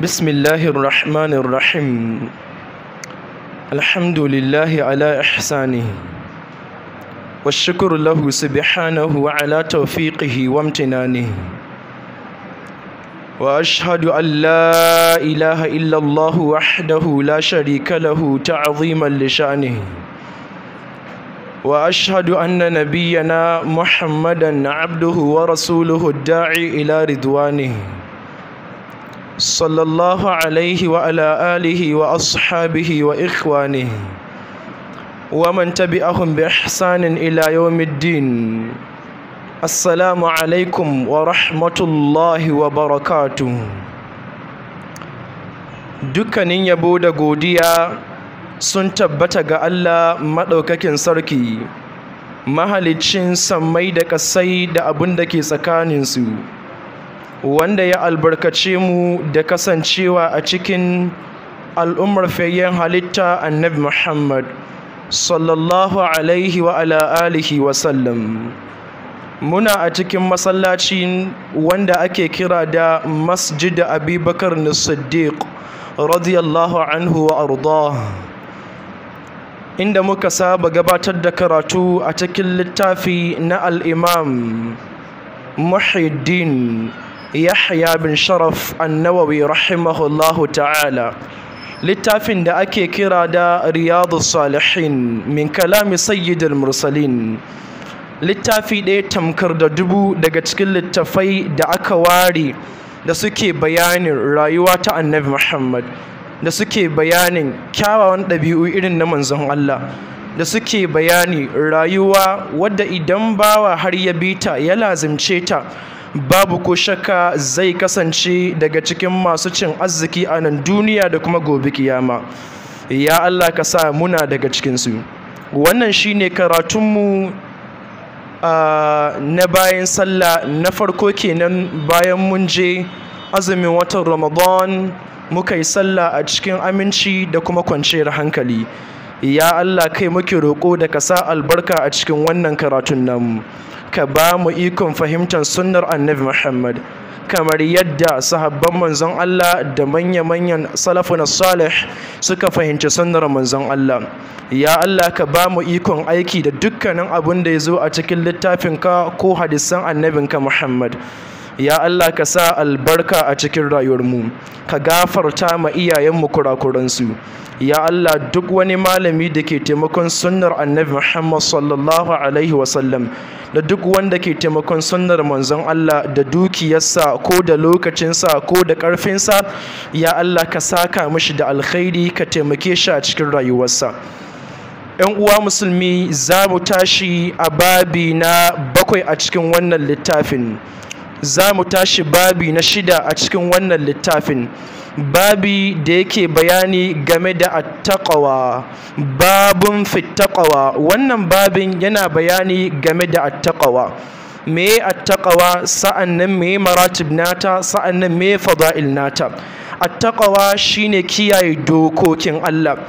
بسم الله الرحمن الرحيم الحمد لله على إحسانه والشكر له سبحانه على توفيقه وامتنانه وأشهد أن لا إله إلا الله وحده لا شريك له تعظيما لشأنه وأشهد أن نبينا محمدا عبده ورسوله الداعي إلى رضوانه صلى الله عليه وعلى آله وأصحابه وإخوانه ومن تبعهم بإحسان إلى يوم الدين السلام عليكم ورحمة الله وبركاته dukkanin yabo da godiya sun tabbata ga Allah maɗaukakin sarki mahaliccin sammai da ƙasai da abin da ke tsakaninsu wanda ya albarkace mu da kasancewa a cikin al'ummar fayyen halitta annabi Muhammad sallallahu alaihi wa ala alihi wa sallam muna a cikin masallacin wanda ake kira da masjid abubakar na siddiq radiyallahu anhu wa arda inda muka saba gabatar da karatu a cikin littafi na al'imam muhiddin yahya bin sharaf annawawi rahimahullahu ta'ala littafin da ake kira da riyadu salihin min kalami sayyidul mursalin littafi ɗaya tamkar da dubu daga cikin littafai da aka ware da suke bayanin rayuwa ta annabi muhammad da suke bayanin kyawawan ɗabi'u irin na manzon allah da suke bayani rayuwa wadda idan bawa har ya bita ya lazimce ta babu ko shakka zai kasance daga cikin masu cin arziki a nan duniya da kuma gobe kiyama ya Allah ka sa muna daga cikinsu wannan shine karatunmu na bayan sallah na farko kenan bayan mun je azumin watan ramadan muka yi sallah a cikin aminci da kuma kwanciyar hankali ya Allah kai muke roƙo da ka sa albarka a cikin wannan karatun namu ka ba mu ikon fahimtar sunnar annabi Muhammad kamar yadda sahabban manzon Allah da manya-manyan salafun salih suka fahimci sunnar manzon Allah ya Allah ka ba mu ikon aiki da dukkanin abin da ya zo a cikin littafinka ko hadisan annabinka Muhammad ya Allah ka sa albarka a cikin rayuwarmu ka gafarta ma iyayenmu kurakuransu ya Allah duk wani malami da ke taimakon sunnar annabi Muhammad sallallahu alaihi wasallam da duk wanda ke taimakon sunnar manzon Allah da dukiyarsa ko da lokacinsa ko da ƙarfinsa ya Allah ka saka mishi da alkhairi ka taimake shi a cikin rayuwarsa ‘yan uwa musulmi za mu tashi a babi na bakwai a cikin wannan littafin za mu tashi babi na shida a cikin wannan littafin babi da yake bayani game da attaqawa babun fittaqawa wannan babin yana bayani game da attaqawa me attaqawa sa'annan me maratib nata sa'annan me fada'il nata attaqawa shine kiyaye dokokin Allah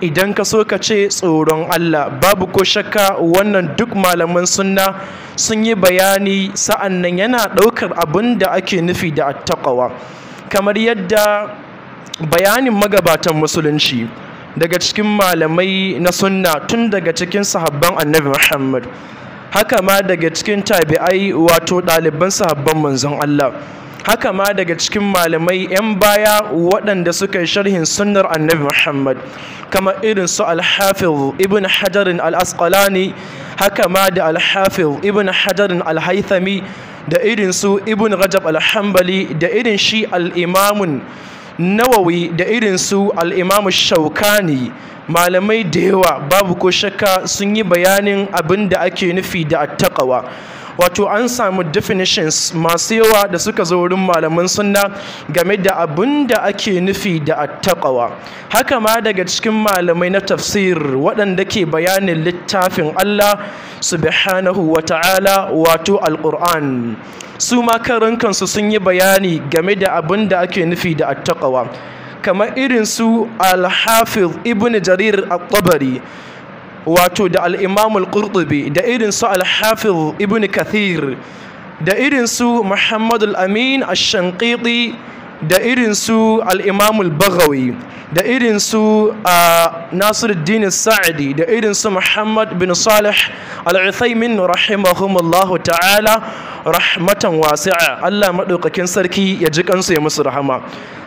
idan ka so ka ce tsoron Allah babu ko shakka wannan duk malaman sunna sun yi bayani sa'annan yana ɗaukar abin da ake nufi da attaqawa kamar yadda bayanin magabatan musulunci daga cikin malamai na sunna tun daga cikin sahabban annabi muhammad haka ma daga cikin tabi'ai wato ɗaliban sahabban manzon allah haka ma daga cikin malamai 'yan baya waɗanda suka yi sharhin sunnar annabi muhammad kama irin su alhafiz ibn hajarin al-asqalani haka ma da alhafiz ibn hajarin al da irin su ibn rajab al da irin shi al nawawi da irin su al shaukani malamai da yawa babu ko shakka sun yi bayanin abin da ake nufi da attaƙawa. wato an samu definitions masu yawa da suka zo wurin malaman sunna game da abin da ake nufi da attaqawa haka ma daga cikin malamai na tafsir waɗanda ke bayanin littafin Allah subhanahu wa ta'ala wato alquran su ma karin kansu sun yi bayani game da abin da ake nufi da attaqawa kamar irin su al-hafiz ibn jarir at-tabari wato da al-Imam da irinsu alhafiz Ibn Kathir da irinsu su amin ash-Shanqiti da irinsu al'imamul bagawi da irinsu su Nasiruddin sa'adi da irinsu su bin Salih al-Uthaymin ta'ala rahmatan wasi'a Allah maɗaukakin sarki ya ji kansu ya musu rahama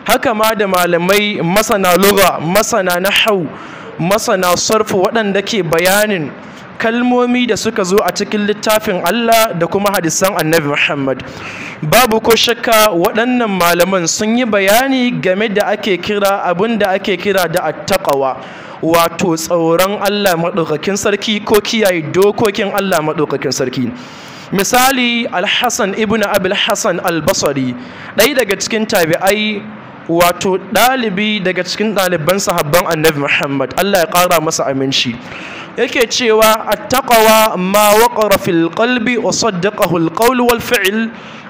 haka ma da malamai masana lugha masana nahau masana sarfu waɗanda ke bayanin kalmomi da suka zo a cikin littafin Allah da kuma hadisan annabi Muhammad babu ko shakka waɗannan malaman sun yi bayani game da ake kira abin da ake kira da attaqawa wato tsoron Allah maɗaukakin sarki ko kiyaye dokokin Allah maɗaukakin sarki misali alhassan ibn abul hassan albasari ɗaya daga cikin tabi'ai wato ɗalibi daga cikin ɗaliban sahabban annabi muhammad allah ya ƙara masa aminci yake cewa attaqawa ma waqara filƙalbi qalbi wa saddaqahu wal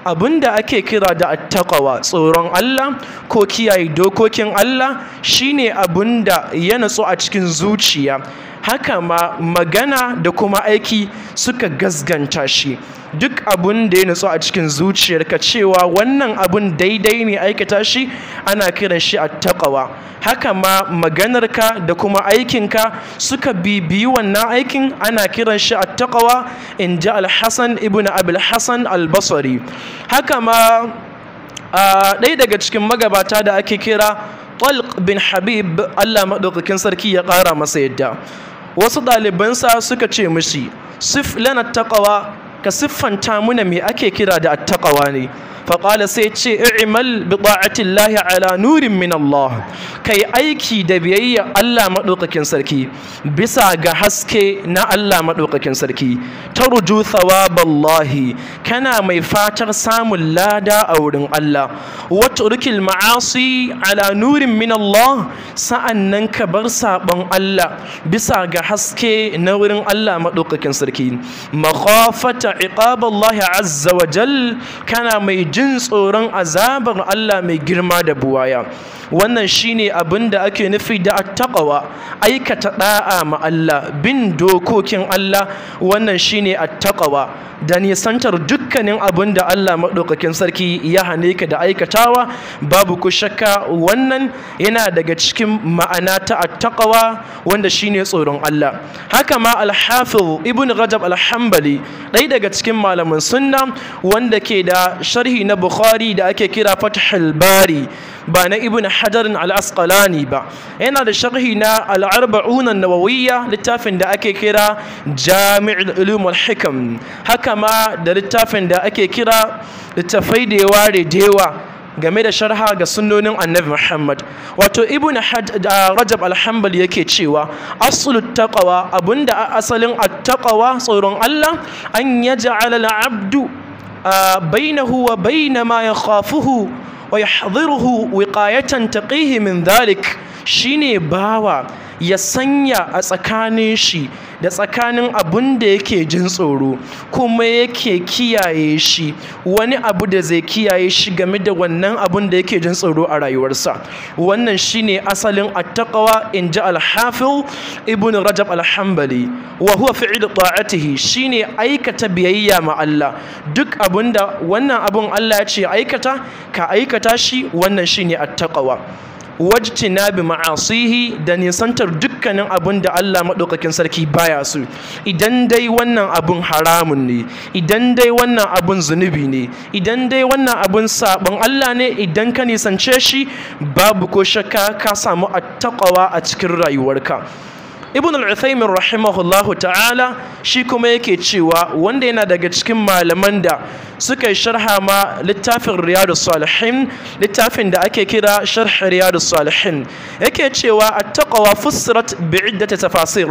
abinda ake kira da attaqawa tsoron Allah ko kiyaye dokokin Allah shine abinda ya natsu a cikin zuciya haka ma magana da kuma aiki suka gasganta shi duk abun da ya nutsu a cikin zuciyarka cewa wannan abun daidai ne aikata shi ana kiran shi a taƙawa haka ma maganarka da kuma aikinka suka bibiyi wannan aikin ana kiran shi a taƙawa in ji alhassan ibn abulhassan albasari haka ma ɗaya daga cikin magabata da ake kira طلق bin habib allah maɗaukakin sarki ya ƙara masa yadda wasu ɗalibansa suka ce mishi sif lana ka siffanta muna me ake kira da attakawa ne faƙala sai ce i'mal bi ala nurin min Allah kai aiki da biyayya Allah maɗaukakin sarki bisa ga haske na Allah maɗaukakin sarki Ta tarju thawaballahi kana mai fatar samun lada a wurin Allah wa turkil ma'asi ala nurin min Allah sa'annan ka bar sabon Allah bisa ga haske na wurin Allah maɗaukakin sarki makhafata iqaballahi azza wa jal kana mai jin tsoron azabar Allah mai girma da buwaya wannan shine abin da ake nufi da attaqwa aikata da'a ma Allah bin dokokin Allah wannan shine attaqwa da nisantar dukkanin abin da Allah madaukakin sarki ya hane ka da aikatawa babu ku shakka wannan yana daga cikin ma'ana ta attaqwa wanda shine tsoron Allah haka ma al-hafiz ibn rajab al-hanbali ɗaya daga cikin malaman sunna wanda ke da sharhi na bukhari da ake kira fathul bari ba na ibn hajar al-asqalani ba yana da sharhi na al'arba'una arbaun an-nawawiyya littafin da ake kira jami'ul ulum wal-hikam haka ma da littafin da ake kira littafai da yawa da game da sharha ga sunnonin annabi Muhammad wato ibnu rajab al yake cewa aslu abinda abunda asalin at tsoron Allah an ya al-abdu bainahu wa baina ma yakhafuhu ويحضره وقاية تقيه من ذلك shine bawa ya sanya a tsakanin shi da tsakanin abin da yake jin tsoro kuma yake kiyaye shi wani abu da zai kiyaye shi game da wannan abin da yake jin tsoro a rayuwarsa wannan shine asalin attaqwa inji al-hafiz ibn rajab al-hanbali wa huwa fi'l ta'atihi shine aikata biyayya ma Allah duk da wannan abun Allah ya ce aikata ka aikata shi wannan shine attaqwa na bi ma'asihi da nisantar dukkanin abin da Allah maɗaukakin sarki baya su idan dai wannan abun haramun ne idan dai wannan abun zunubi ne idan dai wannan abun sabon Allah ne idan ka nisance shi babu ko shakka ka samu a taƙawa a cikin rayuwarka ibn al-uthaymin rahimahullahu ta'ala shi kuma yake cewa wanda yana daga cikin malaman da suka yi sharha ma littafin riyadu salihin littafin da ake kira sharh riyadu salihin yake cewa at-taqwa fussirat bi'iddati tafasir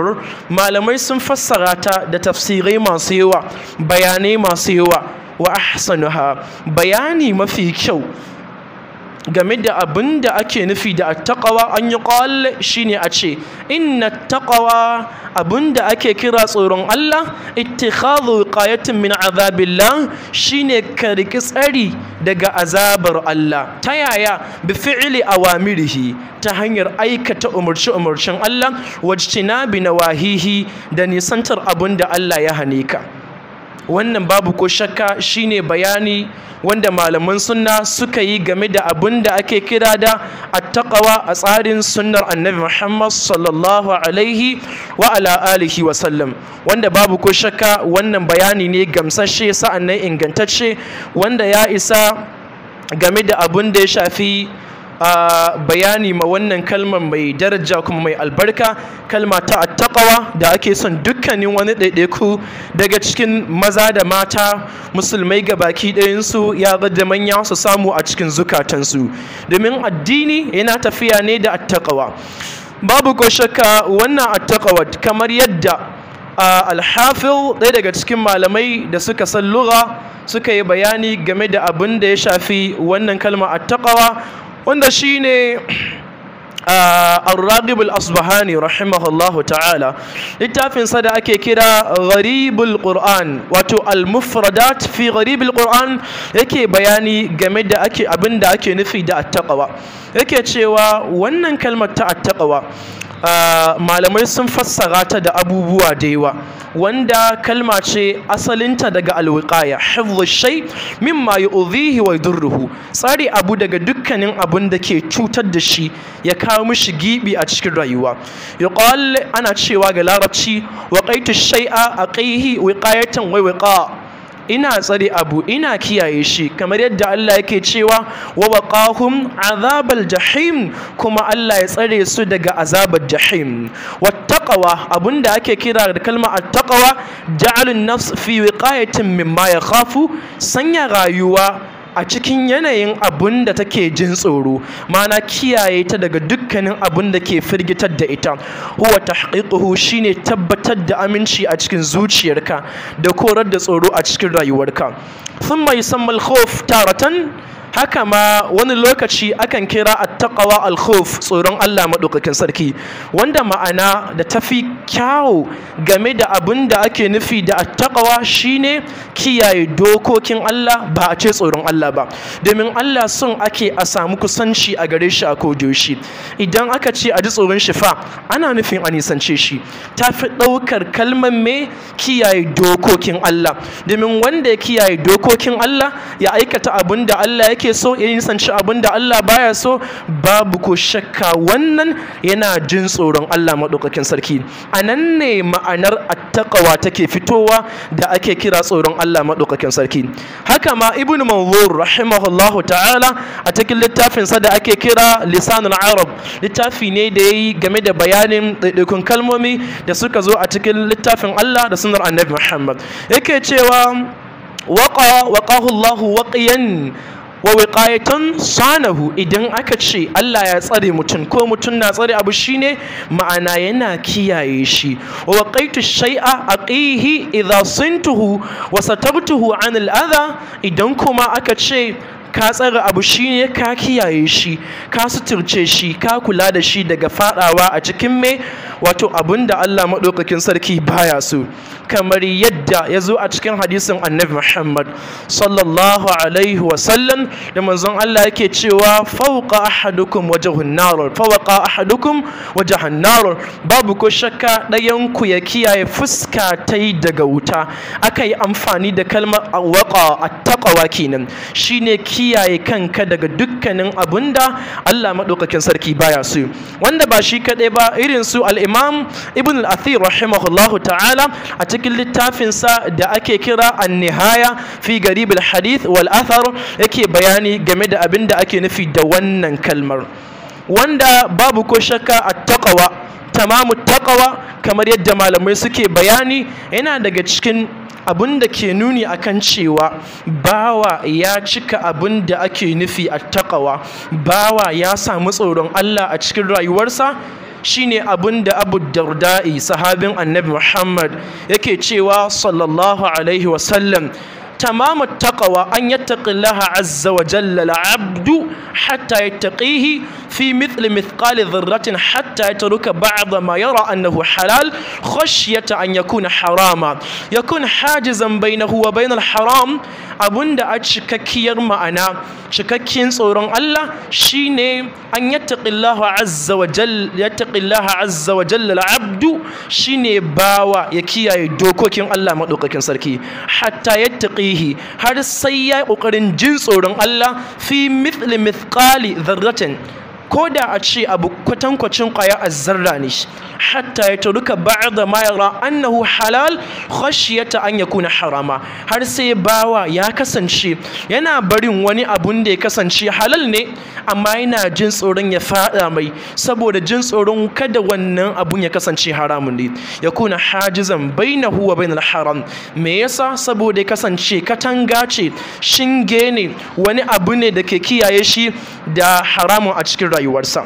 malamai sun fassara ta da tafsirai masu yawa bayanai masu yawa wa ahsanuha bayani mafi kyau game da abin da ake nufi da attaqawa an yi shi shine a ce inna attaqawa abin da ake kira tsoron Allah ittikhadhu wiqayatin min azabillah shine ka riki tsari daga azabar Allah ta yaya bi fi'li awamirihi ta hanyar aikata umurci umurcin Allah wajtinabi wahihi da nisantar abin da Allah ya hane ka wannan babu ko shakka shine bayani wanda malaman sunna suka yi game da abin da ake kira da attaqawa a tsarin sunnar annabi Muhammad sallallahu alaihi wa ala alihi wa sallam wanda babu ko shakka wannan bayani ne gamsashe sa'annan ingantacce wanda ya isa game da abin da ya shafi bayani ma wannan kalmar mai daraja kuma mai albarka kalma ta attaqawa da ake son dukkanin wani ɗaiɗaiku daga cikin maza da mata musulmai ga baki ɗayansu ya da manya su samu a cikin zukatansu domin addini yana tafiya ne da attaqawa babu ko shakka wannan attaqawa kamar yadda alhafil ɗaya daga cikin malamai da suka san lura suka yi bayani game da abin da ya shafi wannan kalma attaqawa wanda shine الراغب الأصبهاني رحمه الله تعالى لتافن صدا أكي كرا غريب القرآن واتو المفردات في غريب القرآن يكي بياني جمد أكي أبند أكي نفي دا التقوى يكي تشيوا ونن كلمة التقوى Ah, malamai sun fassara ta da abubuwa da yawa wanda kalma ce asalinta daga alwiqaya hifdhu shay mimma yu'dhihi wa yadurruhu tsari abu daga dukkanin abun da ke cutar da shi ya kawo mishi gibi a cikin rayuwa yuqal ana cewa ga larabci waqaitu shay'a aqihi wiqayatan wa wiqa ina tsare abu ina kiyaye shi kamar yadda Allah yake cewa wa waqahum azabal jahim kuma Allah ya tsare su daga azabar jahim abun da ake kira da kalma attaqwa ja'alun nafs fi wiqayatin mimma yakhafu sanya rayuwa a cikin yanayin abun da take jin tsoro mana kiyaye ta daga dukkanin abun da ke firgitar da ita huwa tahqiquhu shine tabbatar da aminci a cikin zuciyarka da korar da tsoro a cikin rayuwarka thumma yusammal khawf taratan haka ma wani lokaci akan kira attaqwa al-khawf tsoron Allah madaukakin sarki wanda ma'ana da tafi kyawu game da abin da ake nufi da attaqwa shine kiyaye dokokin Allah ba a ce tsoron Allah ba domin Allah sun ake a samu kusanci a gare shi a kodoshi idan aka ce a ji tsoron shi fa ana nufin a nisance shi tafi ɗaukar kalmar me kiyaye dokokin Allah domin wanda ya kiyaye dokokin Allah ya aikata abin da Allah yake kake so ya sanci abin da Allah baya so babu ko shakka wannan yana jin tsoron Allah maɗaukakin sarki a nan ne ma'anar taƙawa take fitowa da ake kira tsoron Allah maɗaukakin sarki haka ma ibn manzur rahimahullahu ta'ala a cikin littafinsa da ake kira lisanul arab littafi ne da yayi game da bayanin ɗaiɗaikun kalmomi da suka zo a cikin littafin Allah da sunar annabi Muhammad yake cewa waqa waqahu Allahu waqiyan wa wiqayatun sanahu idan aka ce Allah ya tsare mutum ko mutum na tsare abu shine ma'ana yana kiyaye shi wa waqaitu shay'a aqihi idha sintuhu wa satartuhu an al idan kuma aka ce ka tsara abu shi ne ka kiyaye shi ka suturce shi ka kula da shi daga fadawa a cikin mai, wato abin da Allah maɗaukakin sarki baya so kamar yadda ya zo a cikin hadisin annabi Muhammad sallallahu alaihi wasallam da manzon Allah yake cewa fawqa ahadukum wajhun nar a ahadukum wajhun nar babu ko shakka ɗayan ku ya kiyaye fuska tai daga wuta aka yi amfani da kalmar waqa at-taqwa kenan shine kiyaye kiyaye kanka daga dukkanin abunda. Allah maɗaukakin sarki baya so wanda ba shi kaɗai ba irin su al-imam ibn al-athir rahimahullahu ta'ala a cikin littafinsa da ake kira an-nihaya fi garib al-hadith wal athar yake bayani game da abin da ake nufi da wannan kalmar wanda babu ko shakka at-taqwa tamamu taqwa kamar yadda malamai suke bayani yana daga cikin abin da ke nuni a kan cewa bawa ya cika abin da ake nufi a takawa bawa ya samu tsoron Allah a cikin rayuwarsa shine abin da abu darda'i sahabin annabi muhammad yake cewa sallallahu alaihi wasallam تمام التقوى أن يتق الله عز وجل العبد حتى يتقيه في مثل مثقال ذرة حتى يترك بعض ما يرى أنه حلال خشية أن يكون حراما يكون حاجزا بينه وبين الحرام abunda a cikakkiyar ma'ana cikakken tsoron Allah shine an yattaqillaha azza wa jalla yattaqillaha abdu shine bawa ya kiyaye dokokin Allah madaukakin sarki hatta yattaqi fihi har sai ya ƙoƙarin jin tsoron Allah fi mithli mithqali zarratin ko da a ce abu kwatankwacin a zarra ne hatta ya taruka ba'da ma yara annahu halal khashiyata an kuna harama har sai bawa ya kasance yana barin wani abun da ya kasance halal ne amma yana jin tsoron ya fada mai saboda jin tsoron kada wannan abun ya kasance haramun ne Ya kuna hajizan bainahu huwa bainal haram me yasa saboda ya kasance katanga ce shinge ne wani abu ne da ke kiyaye shi da haramun a cikin rayuwa rayuwarsa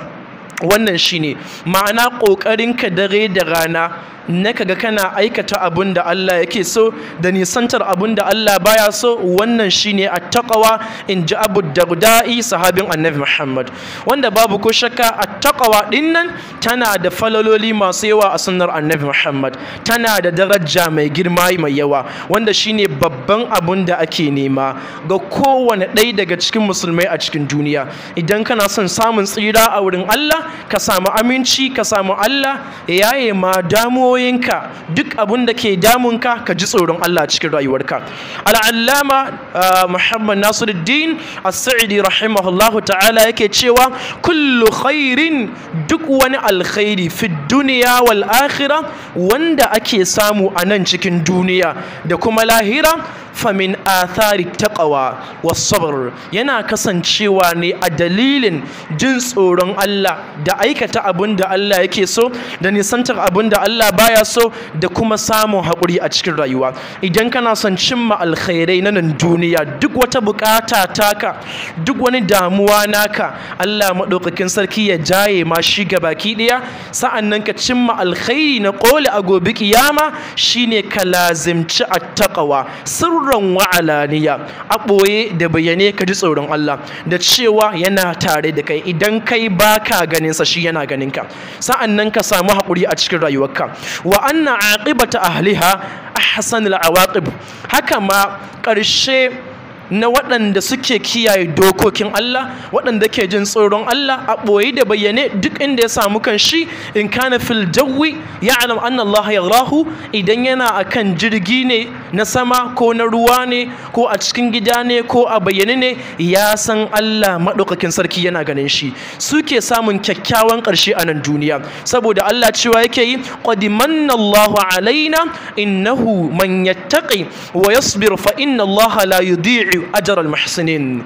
wannan shine ma'ana ƙoƙarinka dare da rana na kaga kana aikata abun da Allah yake so da nisantar abun da Allah baya so wannan shine attaqwa in ji Abu Darda'i sahabin Annabi Muhammad wanda babu ko shakka ɗin dinnan tana da falaloli masu yawa a sunnar Annabi Muhammad tana da daraja mai girma mai yawa wanda shine babban abun da ake nema ga kowane ɗaya daga cikin musulmai a cikin duniya idan kana son samun tsira a wurin Allah ka samu aminci ka samu Allah yaye ma damuwa damuwoyinka duk abun da ke damunka ka ji tsoron Allah cikin rayuwarka al'allama uh, muhammad nasiruddin as-sa'idi rahimahullahu ta'ala yake cewa kullu khairin duk wani alkhairi fi duniya wal akhirah wanda ake samu a nan cikin duniya da kuma lahira famin athari taqwa was-sabr yana kasancewa ne a dalilin jin tsoron Allah da aikata abin da Allah yake so da nisantar abin da Allah baya so da kuma samun haƙuri a cikin rayuwa idan kana son cimma alkhairai na nan duniya duk wata bukata taka duk wani damuwa naka Allah maɗaukakin sarki ya jaye ma shi gabaki ɗaya sa'annan ka cimma alkhairi na ƙoli a gobe kiyama shine ka lazimci attaqwa sirrin sirran wa alaniya a ɓoye da bayyane ka ji tsoron Allah da cewa yana tare da kai idan kai baka ganin sa shi yana ganin ka sa'an nan ka samu haƙuri a cikin rayuwarka wa anna aqibata ahliha ahsanul awaqib haka ma ƙarshe na waɗanda suke kiyaye dokokin Allah waɗanda ke jin tsoron Allah a ɓoye da bayyane duk inda ya samu kan shi in kana fil jawi alam anna Allah yarahu idan yana a kan jirgi ne na sama ko na ruwa ne ko a cikin gida ne ko a bayyane ne ya san Allah maɗaukakin sarki yana ganin shi suke samun kyakkyawan ƙarshe a nan duniya saboda Allah cewa yake yi qadimanna Allah alaina innahu man yattaqi wa yasbir fa inna Allah la yudi'u أجر المحسنين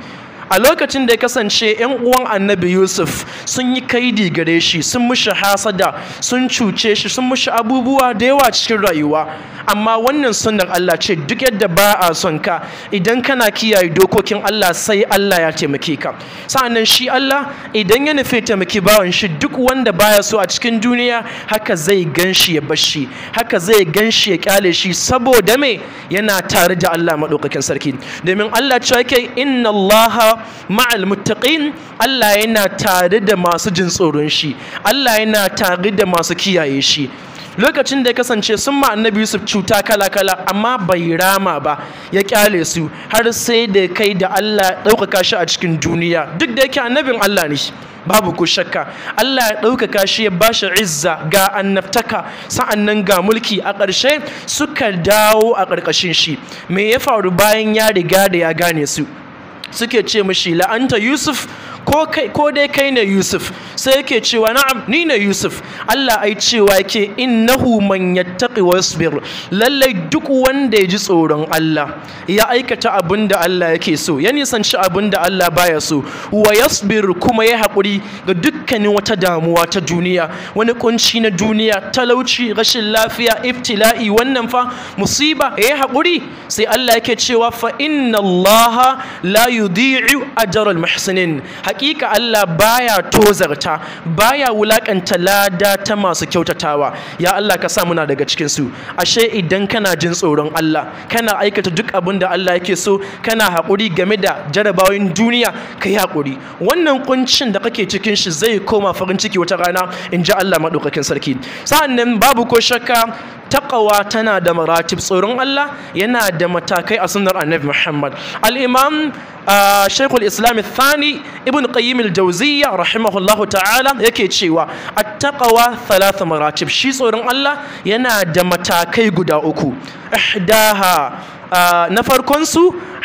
a lokacin da ya kasance yan uwan annabi yusuf sun yi kaidi gare shi sun mushi hasada sun cuce shi sun mushi abubuwa da yawa cikin rayuwa amma wannan sunan Allah ce duk yadda ba a son ka idan kana kiyaye dokokin Allah sai Allah ya taimake ka sa'annan shi Allah idan ya nufi taimaki bawan shi duk wanda baya so a cikin duniya haka zai shi ya bashi haka zai ganshi ya kyale shi saboda me yana tare da Allah maɗaukakin sarki domin Allah cewa yake inna allaha ma'al muttaqin Allah yana tare da masu jin tsoron shi Allah yana tare da masu kiyaye shi lokacin da ya kasance sun ma annabi Yusuf cuta kala-kala amma bai rama ba ya kyale su har sai da kai da Allah ɗaukaka shi a cikin duniya duk da yake annabin Allah ne babu ku shakka Allah ya ɗaukaka shi ya bashi izza ga annabtaka sa'annan ga mulki a ƙarshe suka dawo a ƙarƙashin shi me ya faru bayan ya riga da ya gane su suke ce mishi la'anta yusuf ko dai kai ne Yusuf sai yake cewa na'am ni ne Yusuf Allah ai cewa yake innahu man yattaqi wasbir lalle duk wanda ya ji tsoron Allah ya aikata abinda da Allah yake so ya nisanci abin da Allah baya so wa yasbir kuma ya hakuri ga dukkanin wata damuwa ta duniya wani kunci na duniya talauci rashin lafiya iftila'i wannan fa musiba ya haƙuri sai Allah yake cewa fa inna Allah la yudhi'u ajral muhsinin hakika Allah baya tozarta baya wulakanta lada ta masu kyautatawa ya Allah ka sa muna daga cikin su ashe idan kana jin tsoron Allah kana aikata duk abin da Allah yake so kana hakuri game da jarabawoyin duniya ka yi haƙuri wannan kuncin da kake cikin shi zai koma farin ciki wata rana in ji Allah maɗaukakin sarki sa'annan babu ko shakka taqwa tana da maratib tsoron Allah yana da matakai a sunnar annabi Muhammad al-imam ah, Sheikhul islam thani ibn ibn qayyim al-jawziyya rahimahullahu ta'ala yake cewa at-taqwa thalath maratib shi tsoron Allah yana da matakai guda uku ihdaha ah, na farkon su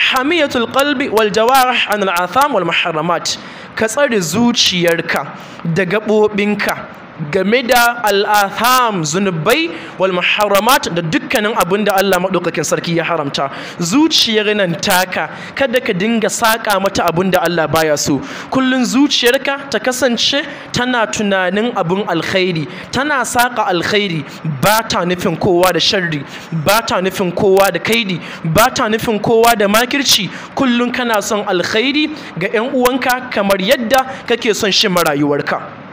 hamiyatul qalbi wal jawarih an al-atham wal muharramat ka tsare zuciyarka da gaɓoɓinka game da al'atham zunubai wal muharramat da dukkanin abin da Allah maɗaukakin sarki ya haramta zuciyar nan taka kada ka dinga saƙa mata abin da Allah baya so kullun zuciyarka ta kasance tana tunanin abin alkhairi tana saƙa alkhairi ba ta nufin kowa da sharri ba ta nufin kowa da kaidi ba ta nufin kowa da makirci kullum kana son alkhairi ga 'yan uwanka kamar yadda kake son shi marayuwarka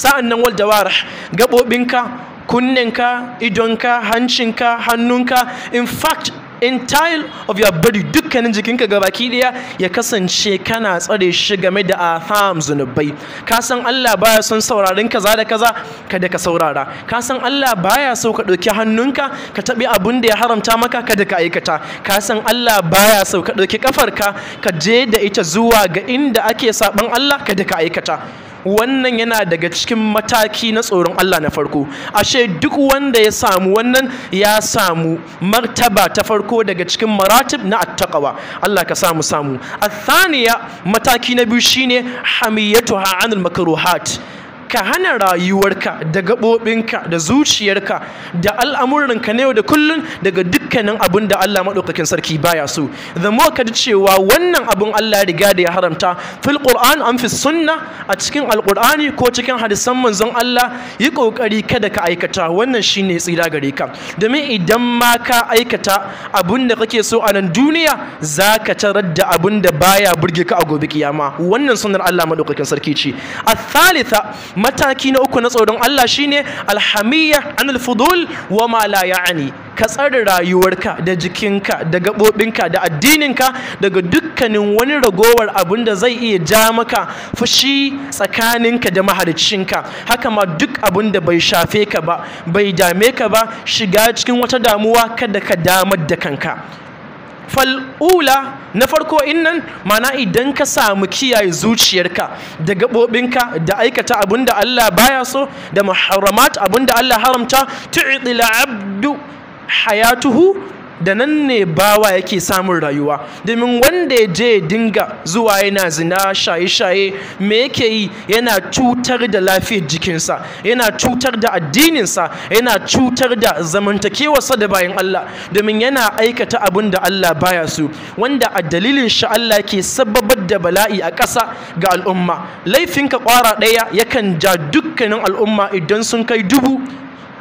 sa'an nan wal jawarih gaɓoɓinka kunninka idonka hancinka hannunka in fact entire of your body dukkanin jikinka baki daya ya kasance kana tsare shi game da atham zunubai ka san Allah baya son sauraron kaza da kaza kada ka saurara ka san Allah baya so ka dauki hannunka ka tabi abun da ya haramta maka kada ka aikata ka san Allah baya so ka dauki kafarka ka je da ita zuwa ga inda ake saban Allah kada ka aikata wannan yana daga cikin mataki na tsoron Allah na farko ashe duk wanda ya samu wannan ya samu martaba ta farko daga cikin maratib na attaqwa Allah ka samu samu athaniya mataki na biyu shine hamiyatuha anil makruhat ka hana rayuwarka da gaɓoɓinka da zuciyarka da al'amuranka na yau da kullun daga dukkanin abin da Allah maɗaukakin sarki baya so the more ka ji cewa wannan abin Allah riga da ya haramta fil qur'an an fi sunna a cikin alqur'ani ko cikin hadisan manzon Allah yi kokari kada ka aikata wannan shine tsira gare ka domin idan ma ka aikata abin da kake so a nan duniya zaka tarar da abin da baya burge ka a gobe kiyama wannan sunnar Allah maɗaukakin sarki ce a thalitha mataki na uku na tsoron Allah shine alhamiyya anil fudul wa ma la ka tsare rayuwarka da jikinka da gaɓoɓinka da addininka daga dukkanin wani ragowar abin da zai iya ja maka fushi tsakaninka da mahaliccinka haka ma duk abin da bai shafe ka ba bai dame ka ba shiga cikin wata damuwa kada ka damar da kanka fal'ula na farko innan mana idan ka samu kiyaye zuciyarka da gaɓoɓinka da aikata abin da Allah baya so da muharramat abin da Allah haramta tu'idil abdu hayatuhu da nan ne bawa yake samun rayuwa domin wanda ya je dinga zuwa yana zina shaye-shaye me yake yi yana cutar da lafiyar jikinsa yana cutar da addininsa yana cutar da zamantakewarsa da bayan Allah domin yana aikata abin da Allah baya su wanda a dalilin shi Allah ke sababar da bala'i a ƙasa ga al'umma laifinka ƙwara ɗaya yakan ja dukkanin al'umma idan sun kai dubu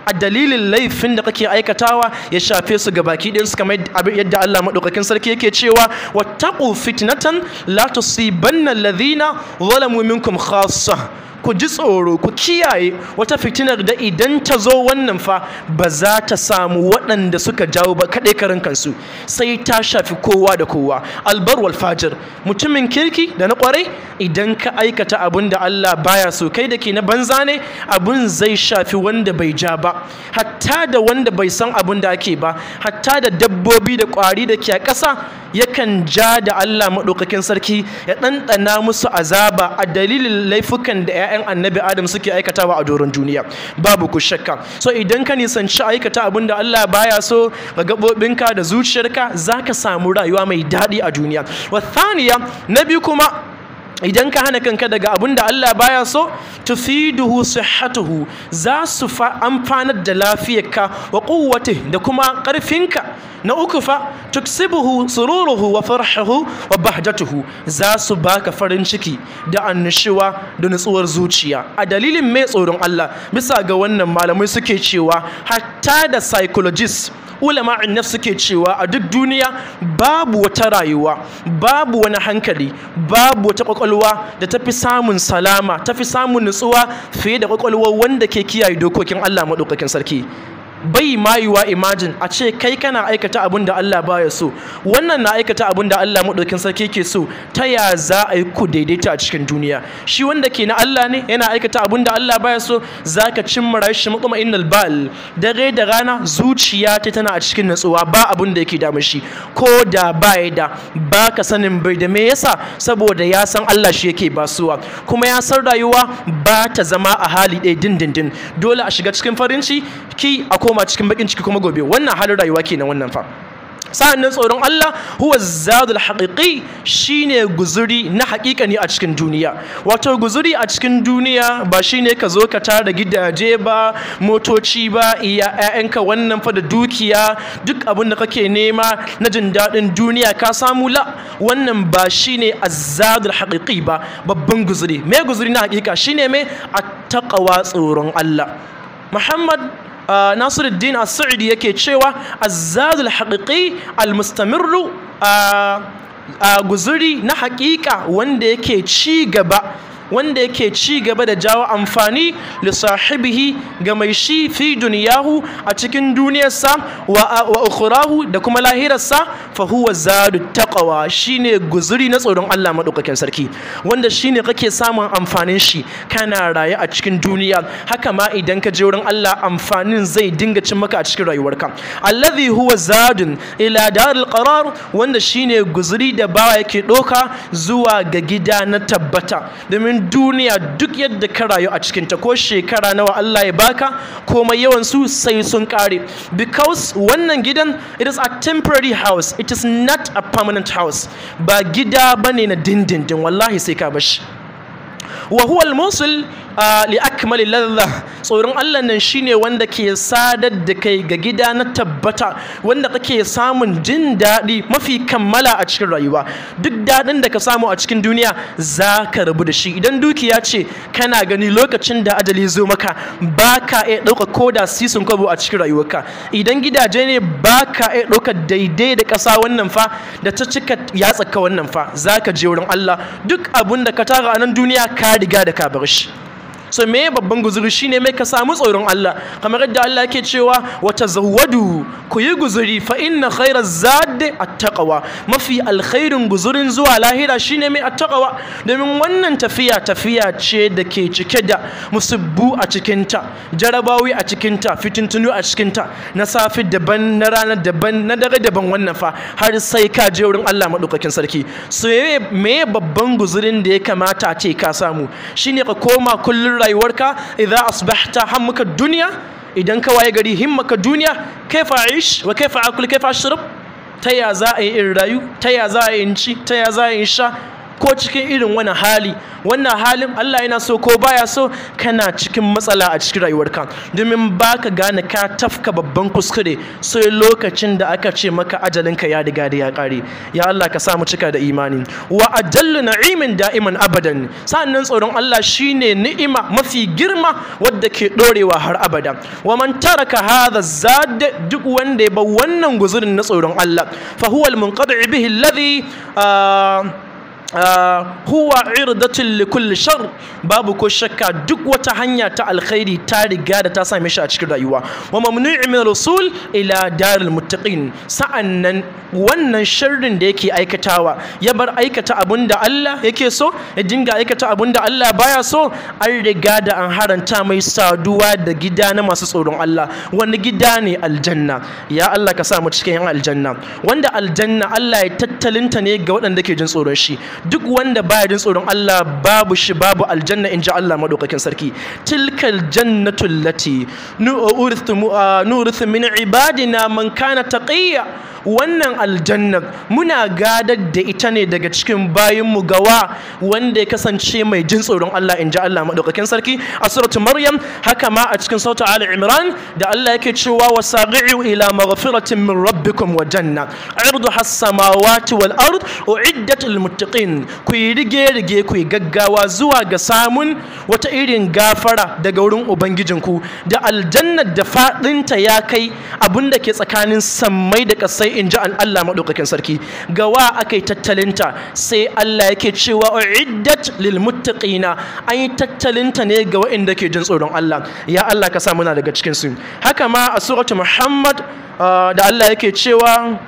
a dalilin laifin da kake aikatawa ya shafe su ga baki ɗinsu kamar yadda Allah maɗaukakin sarki yake cewa wattaqu fitnatan la tusibanna alladhina zalamu minkum khassa ku ji tsoro ku kiyaye wata fitinar da idan ta zo wannan fa ba za ta samu waɗanda suka jawo ba kaɗai karin kansu sai ta shafi kowa da kowa albar wal fajir mutumin kirki da na ƙwarai idan ka aikata abin da Allah baya so kai da ke na banza ne abin zai shafi wanda bai ja ba hatta da wanda bai san abin da ake ba hatta da dabbobi da ƙwari da ke a ƙasa yakan ja da Allah maɗaukakin sarki ya ɗanɗana musu azaba a dalilin laifukan da 'ya'yan annabi adam suke aikatawa a doron duniya babu ku shakka so idan ka nisanci aikata abin da Allah baya so ga gaɓoɓinka da zuciyarka za ka samu rayuwa mai daɗi a duniya wa na biyu kuma idan ka hana kanka daga abin da Allah baya so tufiduhu sihhatuhu za su fa amfanar da lafiyarka wa quwwati da kuma karfinka na uku fa tuksibuhu sururuhu wa farhuhu wa bahjatuhu za su baka farin ciki da annashuwa da nutsuwar zuciya a dalilin mai tsoron Allah bisa ga wannan malamai suke cewa hatta da psychologists a nafsu ke cewa a duk duniya babu wata rayuwa babu wani hankali babu wata kwakwalwa da tafi samun salama tafi samun nutsuwa fiye da kwakwalwa wanda ke kiyaye dokokin Allah madaukakin sarki bai mayuwa imajin a ce kai kana aikata abin da Allah baya so wannan na aikata abin da Allah madaukin sarki ke so ta ya za a yi ku daidaita a cikin duniya shi wanda ke na Allah ne yana aikata abin da Allah baya so za ka cimma rashin mutma'innal bal dare da rana zuciya ta tana a cikin natsuwa ba abin da yake damu shi ko da baya da baka sanin bai da me yasa saboda ya san Allah shi yake basuwa kuma ya san rayuwa ba ta zama a hali ɗaya dindindin dole a shiga cikin farin ciki akwai koma cikin bakin ciki kuma gobe wannan halin rayuwa kenan wannan fa sa'annan tsoron Allah huwa zadul haqiqi shine guzuri na haƙiƙani a cikin duniya wato guzuri a cikin duniya ba shine ka zo ka tara gidaje ba motoci ba iya ƴaƴanka wannan fa da dukiya duk abin da kake nema na jin daɗin duniya ka samu la wannan ba shine azzadul haqiqi ba babban guzuri me guzuri na haƙiƙa shine me at-taqwa tsoron Allah Muhammad nasiruddin as-sa'idi yake cewa azzazul haqiqi al-mustamirru guzuri na haƙiƙa wanda yake ci gaba wanda yake ci gaba da jawo amfani li sahibihi ga mai shi fi duniyahu a cikin duniyarsa wa ukhurahu da kuma lahirarsa fa huwa zadu taqwa shine guzuri na tsoron Allah madaukakin sarki wanda shine kake samun amfanin shi kana rayu a cikin duniya haka ma idan ka je wurin Allah amfanin zai dinga cin maka a cikin rayuwarka alladhi huwa zadun ila daril qarar wanda shine guzuri da bawa yake doka zuwa ga gida na tabbata domin duniya duk yadda ka rayu a cikinta ko shekara nawa Allah ya baka komai yawan su sai sun kare because wannan gidan it is a temporary house it is not a permanent house ba gida bane na dindindin wallahi sai ka bashi wa huwa al-musil li akmali ladha tsoron Allah nan shine wanda ke sadar da kai ga gida na tabbata wanda kake samun jin daɗi mafi kammala a cikin rayuwa duk daɗin da ka samu a cikin duniya za ka rabu da shi idan dukiya ce kana gani lokacin da ajali zo maka ba ka iya ɗauka ko da sisin kwabo a cikin rayuwarka idan gidaje ne baka ka iya ɗauka daidai da kasa wannan fa da ta cika yatsaka wannan fa za je wurin Allah duk abun da ka tara a nan duniya ka riga da ka bar shi so me babban guzuri shine mai ka samu tsoron Allah kamar yadda Allah yake cewa wa tazawwadu ku yi guzuri fa inna khairaz zadi attaqwa mafi alkhairin guzurin zuwa lahira shine mai attaqwa domin wannan tafiya tafiya ce da ke cike da musubbu a cikin ta jarabawi a cikin ta fitintunu a cikin ta na safi daban na rana daban na dare daban wannan fa har sai ka je wurin Allah madaukakin sarki so me babban guzurin da ya kamata ce ka samu shine ka koma kullum. rayuwarka idza asbahta hammuka dunya idan ka waye gari himmaka duniya kaifa aish wa kaifa akul kaifa ashrab ta za a yi in rayu ta ya za a yi in ci ta za a yi in sha ko cikin irin wani hali wannan halin Allah yana so ko baya so kana cikin matsala a cikin rayuwarka domin baka gane ka tafka babban kuskure sai lokacin da aka ce maka ajalinka ya riga da ya kare ya Allah ka sa mu cika da imani wa ajallu na'imin da'iman abadan sannan tsoron Allah shine ni'ima mafi girma wadda ke dorewa har abada wa man taraka hadha zad duk wanda ya bar wannan guzurin na tsoron Allah fa huwa al munqadi bihi alladhi ah, Ah, huwa irdatul likulli shar babu ko shakka duk wata hanya ta alkhairi ta riga da ta same shi a cikin rayuwa wa mamnu'i min rusul ila daril muttaqin sa'annan wannan sharrin da yake aikatawa ya bar aikata abun da Allah yake so ya dinga aikata abun da Allah baya so an riga da an haranta mai saduwa da gida na masu tsoron Allah wani gida ne aljanna ya Allah ka sa mu cikin yan aljanna wanda aljanna Allah ya tattalinta ne ga waɗanda ke jin tsoron shi duk wanda baya jin tsoron Allah babu shi babu aljanna in ji Allah madaukakin sarki tilkal jannatu lati nu'urithu min ibadina man kana taqiyya wannan aljanna muna gadar da ita ne daga cikin bayinmu gawa wanda ya kasance mai jin tsoron Allah in ji Allah madaukakin sarki a suratu maryam haka ma a cikin sautu ali imran da Allah yake cewa wasabi'u ila maghfiratin min rabbikum wa janna 'irduha har samawati wal ard u'iddat muttaqin sabiqin ku yi rige-rige ku yi gaggawa zuwa ga samun wata irin gafara daga wurin ubangijinku da aljannar da faɗinta ya kai abin da ke tsakanin sammai da ƙasai in ji an Allah maɗaukakin sarki gawa aka yi tattalinta sai Allah yake cewa uiddat lil muttaqina an yi tattalinta ne ga wa'inda ke jin tsoron Allah ya Allah ka sa muna daga cikin su haka ma a suratu Muhammad ah, da Allah yake cewa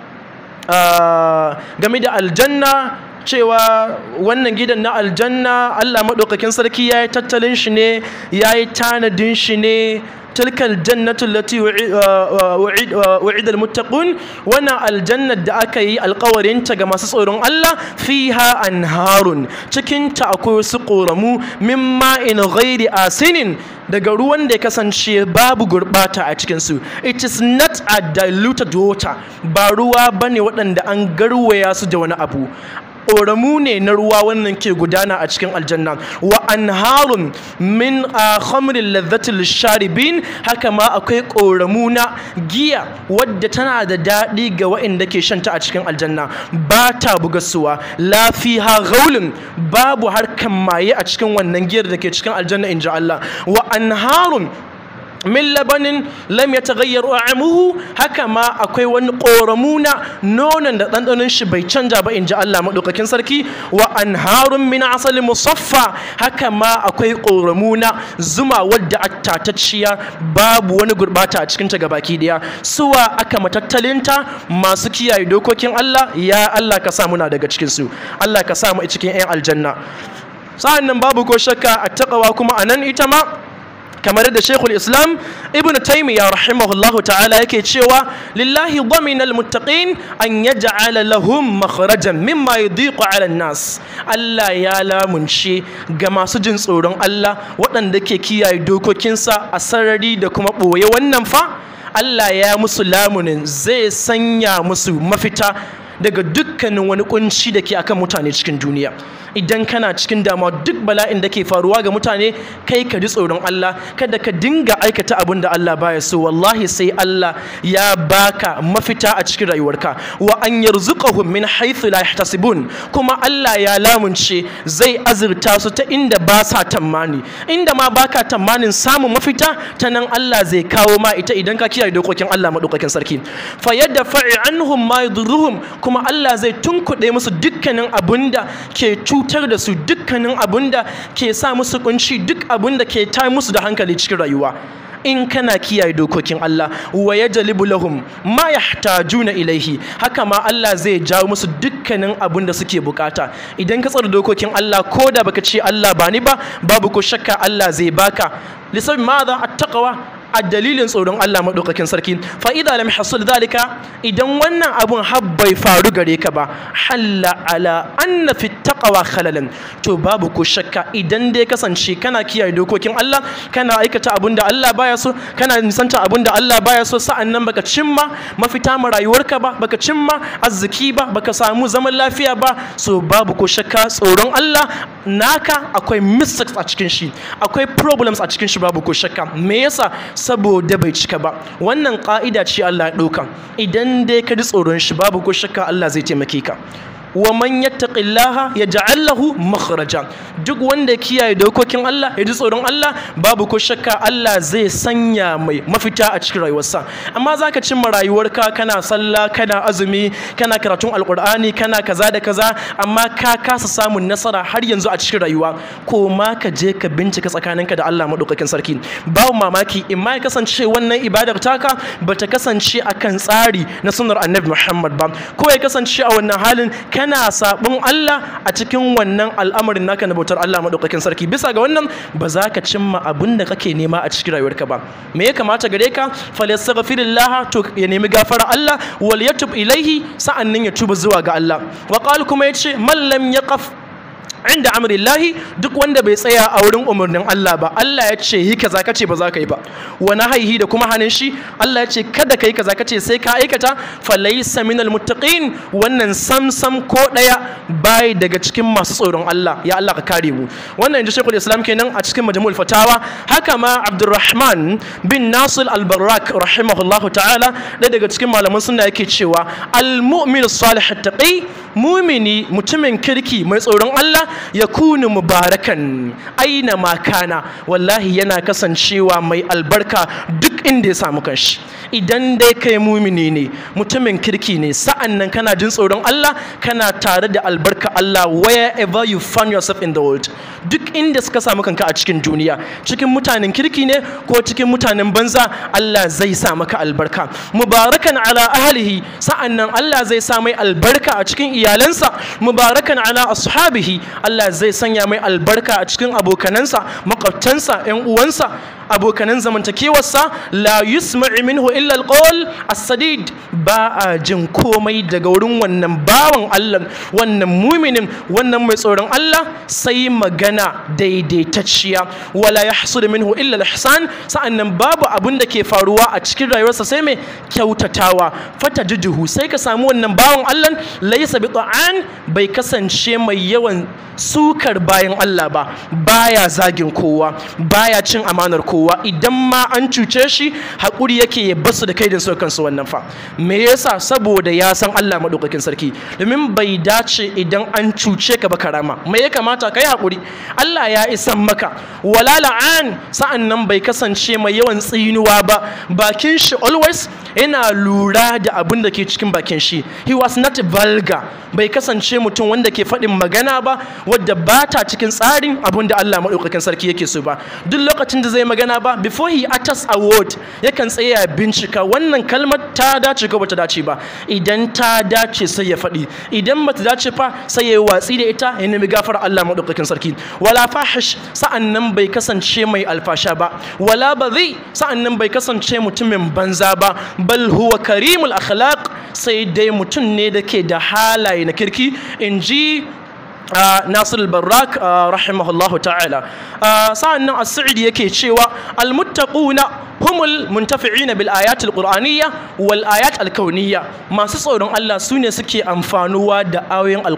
ah, game da aljanna cewa wannan gidan na aljanna Allah maɗaukakin sarki ya yi tattalin shi ne ya yi tanadin shi ne tilkal jannatu lati wa'id uh, uh, uh, almuttaqun wannan aljannar da aka yi alƙawarin ta ga masu tsoron Allah fiha anharun cikin ta akwai su ƙoramu min ma'in ghairi asinin daga ruwan da ya kasance babu gurbata a cikin su it is not a diluted water ba ruwa bane waɗanda an garwaya su da wani abu ƙoramu ne na ruwa wannan ke gudana a cikin aljanna wa anharun min ah, khamrin ladhatil sharibin haka ma akwai ƙoramu na giya wadda tana da daɗi ga waɗanda ke shanta a cikin aljanna ba ta bugasuwa suwa. Lafiha gaulin, babu harkan maye a cikin wannan giyar da ke cikin aljanna inji Allah wa anharun min labanin lam ya tagayyaru amuhu haka ma akwai wani ƙoramuna nonon da ɗanɗanon shi bai canja ba in ji Allah maɗaukakin sarki wa 'an harun min asalin musaffa haka ma akwai ƙoramuna zuma wadda a tatacciya babu wani gurɓata a cikinta ga baki ɗaya suwa aka matattalinta masu kiyaye dokokin Allah ya Allah ka sa muna daga cikinsu Allah ka sa mu cikin 'yan aljanna sa'an nan babu ko shakka a taƙawa kuma a nan ita ma kamar da shekul islam ibn taimiyya rahimahullahu ta'ala yake cewa lillahi dhaminal muttaqin an yaj'ala lahum makhrajan mimma yudhiqu 'ala nas Allah ya lamunce ga masu jin tsoron Allah waɗanda ke kiyaye dokokinsa a sarari da kuma ɓoye wannan fa Allah ya musu lamunin zai sanya musu mafita daga dukkanin wani kunci da ke akan mutane cikin duniya idan kana cikin dama duk bala'in da ke faruwa ga mutane kai ka ji tsoron Allah kada ka dinga aikata abin da Allah baya so wallahi sai Allah ya baka mafita a cikin rayuwarka wa an yarzuqahum min haythu la yahtasibun kuma Allah ya lamunce zai azurta su ta inda ba sa tamani inda ma baka tamanin samun mafita ta nan Allah zai kawo ma ita idan ka kiyaye dokokin Allah madaukakin sarki fa yadda fa'i anhum ma yadurruhum kuma Allah zai tunkuɗe musu dukkanin abunda ke cutar da su dukkanin abunda ke sa musu kunci duk abunda ke ta musu da hankali cikin rayuwa in kana kiyaye dokokin Allah wa yajlibu lahum ma yahtajuna ilaihi haka ma Allah zai jawo musu dukkanin abin da suke bukata idan ka tsara dokokin Allah ko da baka ce Allah ba ni ba babu ko shakka Allah zai baka lissabi ma za a a dalilin tsoron Allah maɗaukakin sarki fa'ida idan lam hasul dalika? idan wannan abun har bai faru gare ka ba halla ala anna fi taqwa khalalan to babu ko shakka idan dai kasance kana kiyaye dokokin Allah kana aikata abun da Allah baya so kana nisanta abun da Allah baya so sa'an nan baka cimma mafita ma rayuwarka ba baka cimma arziki ba baka samu zaman lafiya ba so babu ko shakka tsoron Allah naka akwai mistakes a cikin shi akwai problems a cikin shi babu ko shakka me yasa saboda bai cika ba wannan ƙa'ida ce Allah ya ɗauka idan dai ka ji tsoron shi babu ko shakka Allah zai taimake ka wa man yattaqillaha yaj'al lahu makhraja duk wanda kiyaye dokokin Allah ya ji tsoron Allah babu ko shakka Allah zai sanya mai mafita a cikin rayuwarsa amma zaka cimma rayuwarka kana sallah kana azumi kana karatun alqur'ani kana kaza da kaza amma ka kasa samun nasara har yanzu a cikin rayuwa ko ma ka je ka bincika tsakaninka da Allah madaukakin sarki babu mamaki in ma ya kasance wannan ibadar taka bata kasance akan tsari na sunnar Annabi Muhammad ba ko ya kasance a wannan halin kana sabon Allah a cikin wannan al'amarin naka na bautar Allah madaukakin sarki bisa ga wannan ba za ka cimma abin da kake nema a cikin rayuwarka ba me ya kamata gare ka falyastaghfirillah to ya nemi gafara Allah wal yatub ilaihi sa'annin ya tuba zuwa ga Allah wa qal kuma yace Mallam yaqaf inda amrillahi duk wanda bai tsaya a wurin umarnin Allah ba Allah ya ce yi kaza kace ba za ka yi ba wa nahaihi da kuma hanin shi Allah ya ce kada kai kaza kace sai ka aikata fa laysa minal muttaqin wannan samsam ko daya bai daga cikin masu tsoron Allah ya Allah ka kare mu wannan inji Sheikhul Islam kenan a cikin Majmu'ul Fatawa haka ma Abdurrahman bin Nasir Al-Barrak rahimahullahu ta'ala da daga cikin malaman sunna yake cewa al-mu'min salih taqi mu'mini mutumin kirki mai tsoron Allah ya kuni mubarakan aina makana. wallahi yana kasancewa mai albarka duk inda ya samu kanshi idan dai kai mumini ne mutumin kirki ne sa'an nan kana jin tsoron Allah kana tare da albarka Allah wherever you find yourself in the world duk inda suka samu kanka a cikin duniya cikin mutanen kirki ne ko cikin mutanen banza Allah zai sa maka albarka mubarakan ala ahlihi sa'an nan Allah zai sa albarka a cikin iyalansa mubarakan ala ashabihi Allah zai sanya mai albarka a cikin abokanansa makwabtansa 'yan uwansa abokanan zamantakewarsa la yusma'u minhu illa alqawl as-sadid ba a jin komai daga wurin wannan bawan Allah wannan muminin wannan mai tsoron Allah sai magana daidaitacciya wala yahsul minhu illa al-ihsan sa'annan babu abin da ke faruwa a cikin rayuwarsa sai mai kyautatawa fatajiduhu sai ka samu wannan bawan Allah laysa bi bai kasance mai yawan sukar bayan Allah ba baya zagin kowa baya cin amanar kowa kowa idan ma an cuce shi haƙuri yake ya basu da kaidin sau su wannan fa me yasa saboda ya san Allah maɗaukakin sarki domin bai dace idan an cuce ka ba karama me ya kamata ka yi haƙuri Allah ya isan maka wala an sa'an nan bai kasance mai yawan tsinuwa ba bakin shi always yana lura da abin da ke cikin bakin shi he was not vulgar bai kasance mutum wanda ke faɗin magana ba wadda ba ta cikin tsarin abin da Allah maɗaukakin sarki yake so ba duk lokacin da zai magana magana ba before he utters a word yakan tsaya bincika wannan kalmar ta dace ko bata dace ba idan ta dace sai ya faɗi idan bata dace fa sai ya watsi da ita ya nemi gafar Allah madaukakin sarki wala fahish sa'an nan bai kasance mai alfasha ba wala bazi sa'an nan bai kasance mutumin banza ba bal huwa karimul akhlaq sai dai mutum ne da ke da halaye na kirki in ji nasir barrak rahimahullahu ta'ala sa'an nan as yake cewa al-muttaquna humul muntafi'ina bil ayatil al-qur'aniyya wal ayat al-kauniyya masu tsoron Allah sune suke amfanuwa da ayoyin al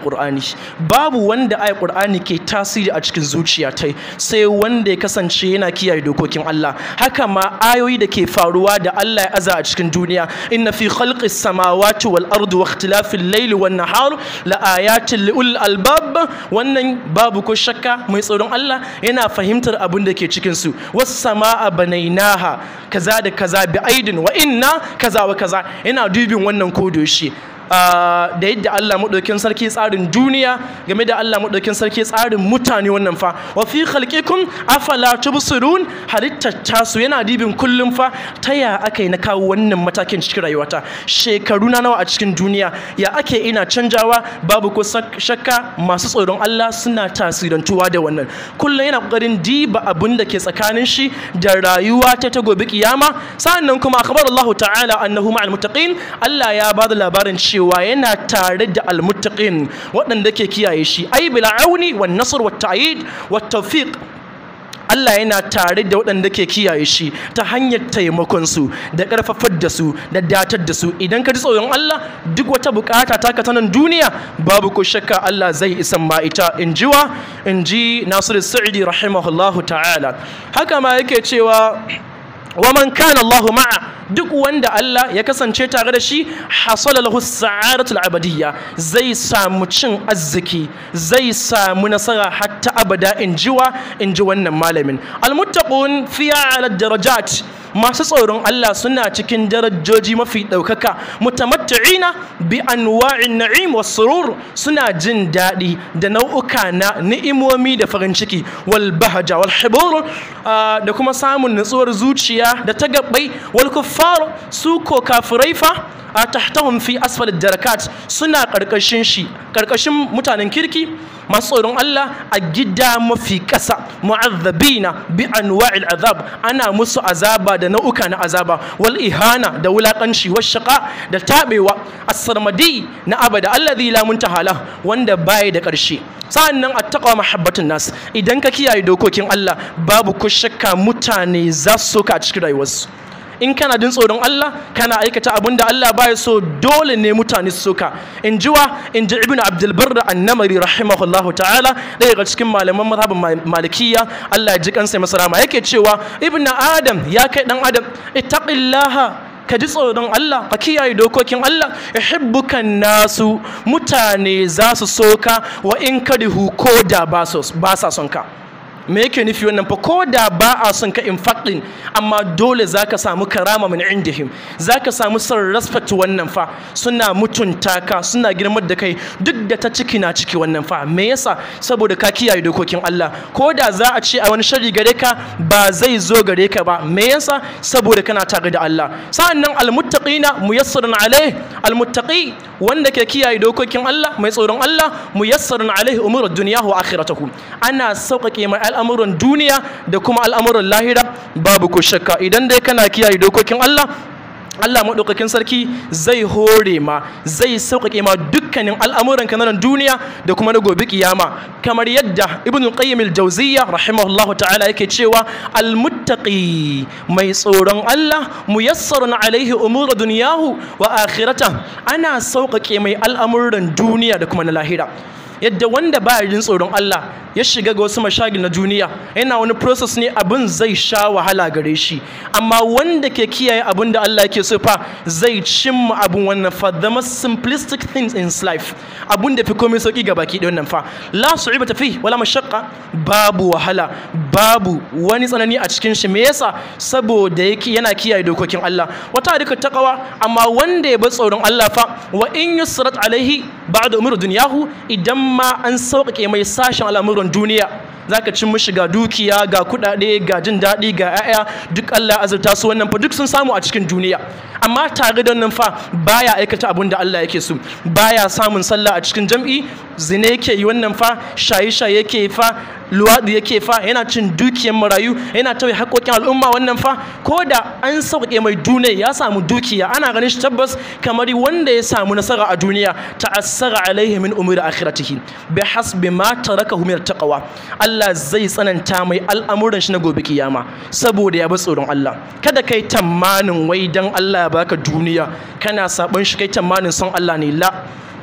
babu wanda ayi qur'ani ke tasiri a cikin zuciya tai sai wanda ya kasance yana kiyaye dokokin Allah haka ma ayoyi da ke faruwa da Allah ya aza a cikin duniya inna fi khalqis samawati wal ardi wa ikhtilafil layli wan nahar la ayatin li albab wannan babu ko shakka mai tsoron Allah yana fahimtar abin da ke cikin su wasu sama'a banainaha kaza da kaza bi aidin wa inna kaza wa kaza yana dubin wannan kodoshi Ah, da yadda Allah madaukin sarki tsarin duniya game da Allah madaukin sarki tsarin mutane wannan fa wa fi khalqikum afala tubsirun halittar tasu yana dibin kullum fa Ta taya akai na kawo wannan matakin cikin rayuwata shekaru na nawa a cikin duniya ya ake ina canjawa babu ko shakka masu tsoron Allah suna tasirantuwa da wannan kullum yana kokarin diba abin da ke tsakanin shi da rayuwa ta ta gobe kiyama sa'annan kuma akhbar Allah ta'ala annahu ma'al muttaqin Allah ya ba da labarin cewa yana tare da almuttaqin waɗanda ke kiyaye shi ai bil auni wan nasr wat ta'yid wat tawfiq Allah yana tare da waɗanda ke kiyaye shi ta hanyar taimakon su da ƙarfafar da su da datar da su idan ka ji tsoron Allah duk wata bukata taka ta nan duniya babu ko shakka Allah zai isan ma ita in ji wa in ji Nasiru Sa'idi rahimahullahu ta'ala haka ma yake cewa wa man ma'a duk wanda Allah ya kasance tare da shi hasala lahu sa'adatul abadiyya zai samu cin arziki zai samu nasara hatta abada injiwa inji wannan malamin almuttaqun fiya ala darajat masu tsoron Allah suna cikin darajoji mafi ɗaukaka mutamatti'ina bi anwa'in na'im was surur suna jin daɗi da nau'uka na ni'imomi da farin ciki wal bahaja wal hibur ah, da kuma samun nutsuwar zuciya da ta gabbai wal kuffar su ko kafirai fa a tahtahum fi asfal darakat suna karkashin shi karkashin mutanen kirki masu tsoron Allah a gida mafi kasa mu'azzabina bi anwa'il azab ana musu azaba da nau'uka na azaba wal ihana da wulakanci wa shaqa da tabewa as-sarmadi na abada alladhi la muntahala wanda baya da karshe sa'annan attaqwa mahabbatun nas idan ka kiyaye dokokin Allah babu ku shakka mutane za su ka cikin rayuwarsu in kana jin tsoron Allah kana aikata abin da Allah baya so dole ne mutane su soka in jiwa in ji ibnu abdul barra annamari rahimahullahu ta'ala da daga cikin malaman mazhabin malikiya Allah ya ji kansa masa rama yake cewa Ibn adam ya kai dan adam ittaqillaha ka ji tsoron Allah ka kiyaye dokokin Allah yuhibbukan nasu mutane za su soka wa in kadihu ko da ba sa son ka me yake nufi wannan fa ko da ba a son ka in faɗin amma dole za ka samu karama min indihim za ka samu son respect wannan fa suna mutunta ka suna girmar da kai duk da ta ciki na ciki wannan fa me yasa saboda ka kiyaye dokokin Allah ko da za a ce a wani shari gare ka ba zai zo gare ka ba me yasa saboda kana tare da Allah sa'annan almuttaqina muyassarun alaih almuttaqi wanda ke kiyaye dokokin Allah mai tsoron Allah muyassarun alaihi umurud dunya wa akhiratuhu ana sauƙaƙe mai al'amuran duniya da kuma al'amuran lahira babu ko shakka idan dai kana kiyaye dokokin Allah Allah maɗaukakin sarki zai hore ma zai sauƙaƙe ma dukkanin al'amuran ka duniya da kuma na gobe kiyama kamar yadda Ibn qayyim al-jawziyya rahimahullahu ta'ala yake cewa al-muttaqi mai tsoron Allah muyassarun alaihi umura dunyahu wa akhirata ana sauƙaƙe mai al'amuran duniya da kuma na lahira yadda wanda ba yin tsoron Allah ya shiga ga wasu mashagin na duniya yana wani process ne abin zai sha wahala gare shi amma wanda ke kiyaye abin da Allah yake so fa zai cimma abin wannan fa the most simplistic things in life Abun da fi komai sauki ga baki da wannan fa la su'ibata fi wala mashaqqa babu wahala babu wani tsanani a cikin shi me yasa saboda yake yana kiyaye dokokin Allah wata duka takawa amma wanda ya bar tsoron Allah fa wa in yusrat alaihi ba'da umur dunyahu idan ma an sauƙaƙe mai sashen al'amuran duniya zaka cin mishi ga dukiya ga kudade ga jin daɗi ga 'ya'ya duk Allah azurta su wannan fa duk sun samu a cikin duniya amma tare da nan fa baya aikata abin da Allah yake so baya samun sallah a cikin jam'i zina yake yi wannan fa shaye-shaye yake fa luwaɗi yake fa yana cin dukiyar marayu yana tauye haƙoƙin al'umma wannan fa ko da an sauƙe mai duniya ya samu dukiya ana ganin shi tabbas kamar wanda ya samu nasara a duniya ta'assara alaihi min umuri akhiratihi bi hasbi ma tarakahu min taqwa Allah zai tsananta mai al'amuran shi na gobe kiyama saboda ya bi tsoron Allah kada kai tamanin wai don Allah ya baka duniya kana sabon shi kai tamanin son Allah ne la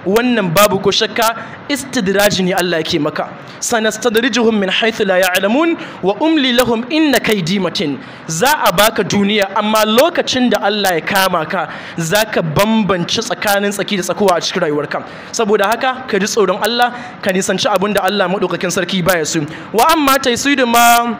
wannan babu ko shakka istidraji ne Allah yake maka sanastadrijuhum min haythu la ya'lamun wa umli lahum inna kaydi matin za a baka duniya amma lokacin da Allah ya kama ka zaka bambance tsakanin tsaki da tsakuwa a cikin rayuwarka saboda haka ka ji tsoron Allah ka nisanci abin da Allah madaukakin sarki baya su wa amma taysidu ma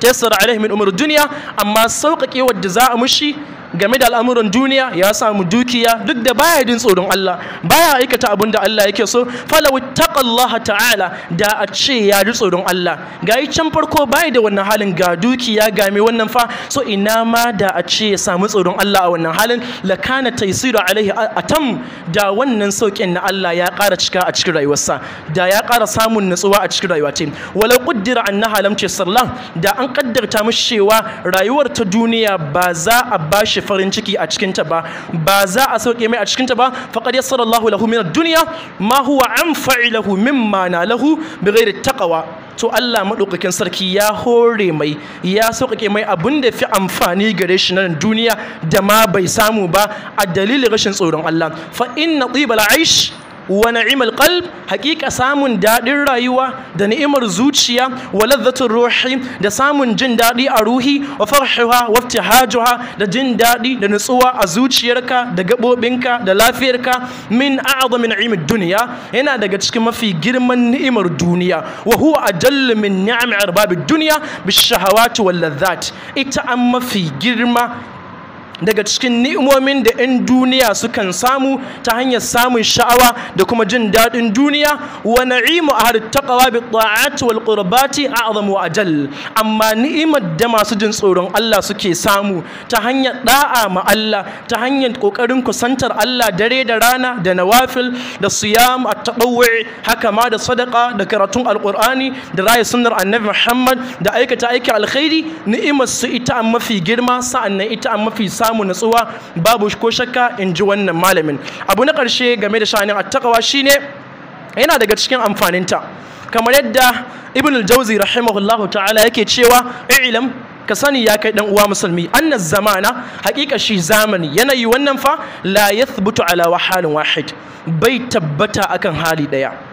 tasara alaihi min umur dunya amma sauƙaƙe wadda za a mushi game da al'amuran duniya ya samu dukiya duk da baya jin tsoron Allah baya aikata abin da Allah yake so fala taqallaha ta'ala da a ce ya ji tsoron Allah ga can farko baya da wannan halin ga dukiya ga me wannan fa so ina ma da a ce ya samu tsoron Allah a wannan halin lakana taysiru alaihi atam da wannan saukin na Allah ya ƙara cika a cikin rayuwarsa da ya ƙara samun nutsuwa a cikin rayuwa ce wala quddira annaha lam tasallah da an kaddarta mishi cewa rayuwar ta duniya ba za a bashi mishi farin ciki a cikin ba ba za a sauke mai a cikin ta ba faqad yassara Allahu lahu min ad-dunya ma huwa anfa'i lahu mimma na lahu bighairi taqwa to Allah madaukakin sarki ya hore mai ya sauke mai abun da fi amfani gare shi nan duniya da ma bai samu ba a dalilin rashin tsoron Allah fa inna tibal aish wa na'imal qalb haƙiƙa samun daɗin rayuwa da ni'imar zuciya wa ladhatul ruhi da samun jin daɗi a ruhi wa farhuha wa iftihajuha da jin daɗi da nutsuwa a zuciyarka da gabobinka da lafiyarka min a'zami ni'imid dunya yana daga cikin mafi girman ni'imar duniya wa huwa ajallu min ni'am arbabid dunya bish shahawati wal ladhat ita an mafi girma daga cikin ni'imomin da 'yan duniya sukan samu ta hanyar samun sha'awa da kuma jin daɗin duniya wa na'imu ahli taqwa bi ta'ati wal qurbati a'zamu a ajal amma ni'imar da masu jin tsoron Allah suke samu ta hanyar da'a ma Allah ta hanyar kokarin kusantar Allah dare da rana da nawafil da siyam a tatawwu haka ma da sadaka da karatun alƙur'ani da rayi sunnar annabi Muhammad da aikata aikin alkhairi ni'imar su ita an mafi girma sa'annan ita an mafi sa samu nutsuwa babu ko shakka in ji wannan malamin abu na ƙarshe game da sha'anin attakawa shine yana daga cikin amfaninta kamar yadda ibn al-jawzi rahimahullahu ta'ala yake cewa ilm ka sani ya kai dan uwa musulmi anna zamana haƙiƙa shi zamani yanayi wannan fa la yathbutu ala wahalin wahid bai tabbata akan hali daya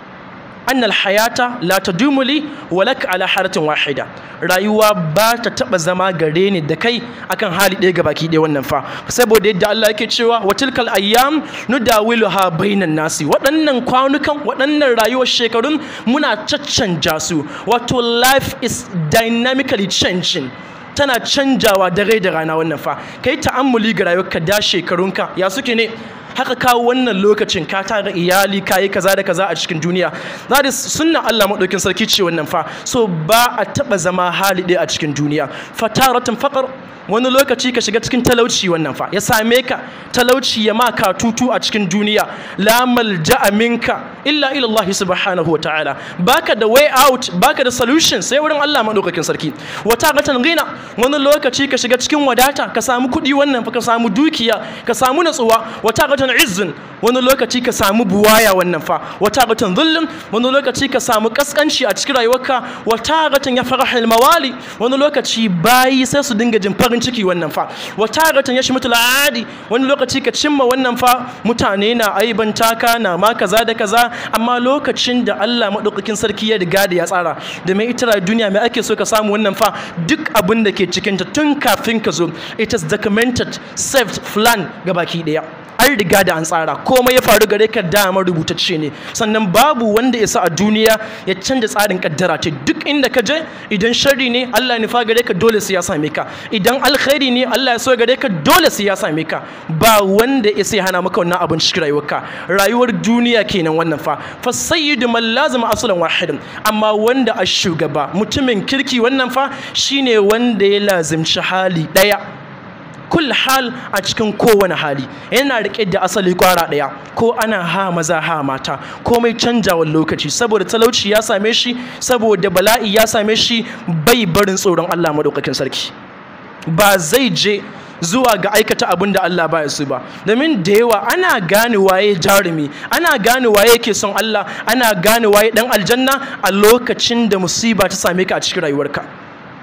annal hayata la ta dumuli walak ala haratin wahida rayuwa ba ta taba zama gare ni da kai akan hali ɗaya gabaki ɗaya wannan fa saboda yadda Allah yake cewa wa tilkal ayyam nudawiluha bainan nasi waɗannan kwanukan waɗannan rayuwar shekarun muna caccanja su wato life is dynamically changing tana canjawa dare da rana wannan fa kai ta'ammuli ga rayuwarka da shekarunka ya suke ne haka kawo wannan lokacin ka ta da iyali ka yi kaza da kaza a cikin duniya za da Allah madaukin sarki ce wannan fa so ba a taɓa zama hali ɗaya a cikin duniya fataratun faƙar wani lokaci ka shiga cikin talauci wannan fa ya same ka talauci ya ma ka tutu a cikin duniya la malja'a minka illa ila Allah subhanahu wa ta'ala baka da way out baka da solution sai wurin Allah madaukakin sarki wata gatan gina wani lokaci ka shiga cikin wadata ka samu kuɗi wannan fa ka samu dukiya ka samu natsuwa wata gatan taratan izin wani lokaci ka samu buwaya wannan fa wata taratan zullun wani lokaci ka samu kaskanci a cikin rayuwarka wata taratan ya fara mawali wani lokaci bayi sai su dinga jin farin ciki wannan fa wata ya shi mutu la'adi wani lokaci ka cimma wannan fa mutane na aiban taka na ma kaza da kaza amma lokacin da Allah maɗaukakin sarki ya riga da ya tsara da mai ita duniya mai ake so ka samu wannan fa duk abin da ke cikin ta tun kafin ka zo it is documented saved plan gabaki daya an riga riga da an tsara komai ya faru gare ka damar rubutacce ne sannan babu wanda ya sa a duniya ya canza tsarin kaddara ce duk inda ka je idan sharri ne Allah ya nufa gare ka dole sai ya same ka idan alkhairi ne Allah ya so gare ka dole sai ya same ka ba wanda ya sai hana maka wannan abin cikin rayuwarka rayuwar duniya kenan wannan fa fa sayyidu man lazim aslan wahidin amma wanda a shugaba mutumin kirki wannan fa shine wanda ya lazimci hali daya kul hal a cikin kowane hali yana rike da asali kwara daya ko ana ha maza ha mata komai canjawan lokaci saboda talauci ya same shi saboda bala'i ya same shi bai barin tsoron Allah madaukakin sarki ba zai je zuwa ga aikata abin da Allah ba su ba domin da yawa ana gane waye jarumi ana gane waye yake son Allah ana gane waye dan aljanna a lokacin da musiba ta same ka a cikin rayuwarka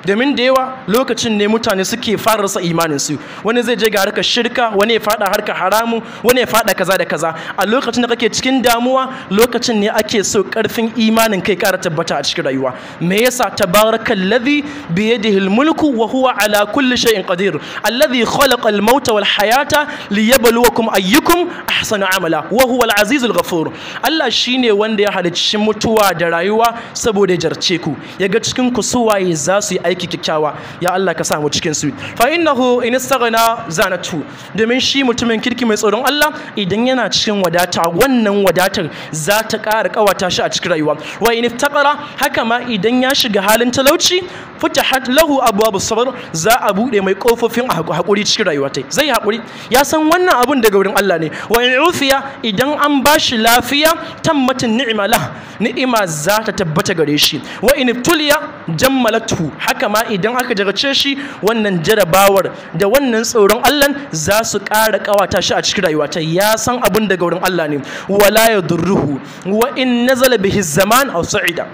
domin da yawa lokacin ne mutane suke fara rasa imanin su wani zai je ga harkar shirka wani ya fada harkar haramu wani ya fada kaza da kaza a lokacin da kake cikin damuwa lokacin ne ake so karfin imanin kai kara tabbata a cikin rayuwa me yasa tabarakallazi biyadihi almulku wa huwa ala kulli shay'in qadir alladhi khalaqa almauta wal hayata liyabluwakum ayyukum ahsanu amala wa huwa alaziz alghafur Allah shine wanda ya halicci mutuwa da rayuwa saboda jarce ku yaga cikin ku suwaye za su yi aiki kyakkyawa ya Allah ka sa mu cikin su fa innahu in istaghna zanatu domin shi mutumin kirki mai tsoron Allah idan yana cikin wadata wannan wadatar za ta ƙara kawata shi a cikin rayuwa wa in iftaqara haka ma idan ya shiga halin talauci futihat lahu abwabu sabr za a bude mai kofofin hakuri cikin rayuwa tai zai hakuri ya san wannan abun daga wurin Allah ne wa in ufiya idan an bashi lafiya tammatin ni'ma lah ni'ima za ta tabbata gare shi wa in tuliya jammalatu haka ma idan aka jarace shi wannan jarabawar da wannan tsoron Allah za su ƙara kawata shi a cikin rayuwa ta ya san abun daga wurin Allah ne wala yadurruhu wa in nazala bihi zaman aw sa'ida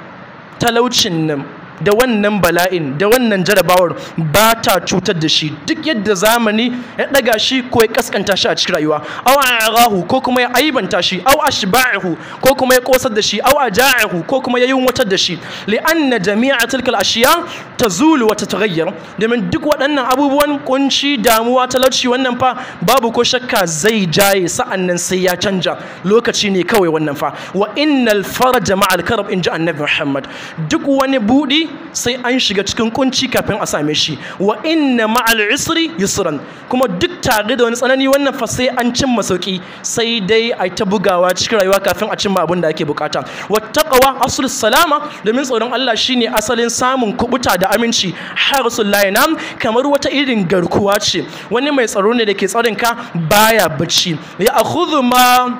talaucin nan da wannan bala'in da wannan jarabawar ba ta cutar da shi duk yadda zamani ya ɗaga shi ko ya kaskanta shi a cikin rayuwa a arahu ko kuma ya aibanta shi aw ashba'ahu ko kuma ya kosar da shi a aja'ahu ko kuma ya yunwatar da shi na jami'a tilkal ashiya tazulu wa tataghayyar domin duk waɗannan abubuwan kunci damuwa talauci wannan fa babu ko shakka zai jaye sa'annan sai ya canja lokaci ne kawai wannan fa wa innal faraja ma'al karab in ji annabi Muhammad duk wani budi sai an shiga cikin kunci kafin a same shi wa inna ma'al isri yusran kuma duk tare da wani tsanani wannan fa sai an cimma sauki sai dai a ta bugawa cikin rayuwa kafin a cimma abin da ake bukata wattaqwa aslus salama domin tsoron Allah shine asalin samun kubuta da aminci harasul lainam kamar wata irin garkuwa ce wani mai tsaro ne da ke tsarin ka baya bacci ya akhudhu ma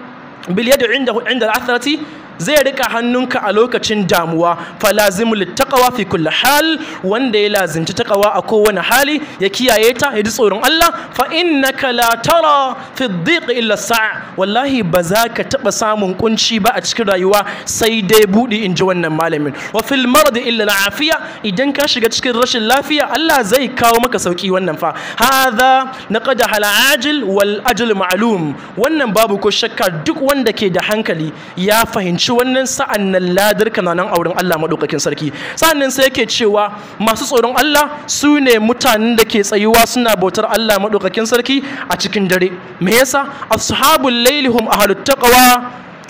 bil yadi inda inda al-athrati zai rika hannunka a lokacin damuwa falazimul taqwa fi kulli hal wanda ya lazimci taqwa a kowane hali ya kiyaye ta ya ji tsoron Allah fa innaka la tara fi dhiq illa sa'a. wallahi ba za ka taba samun kunci ba a cikin rayuwa sai dai budi in ji wannan malamin wa fil marad illa afiya idan ka shiga cikin rashin lafiya Allah zai kawo maka sauki wannan fa hadha naqad hal ajil wal ajil ma'lum wannan babu ko shakka duk wanda ke da hankali ya fahimci shi wannan sa'an nan ladar kana nan auren Allah madaukakin sarki sa'annan sai yake cewa masu tsoron Allah su ne mutanen da ke tsayuwa suna bautar Allah madaukakin sarki a cikin dare me yasa ashabul laili hum ahlut taqwa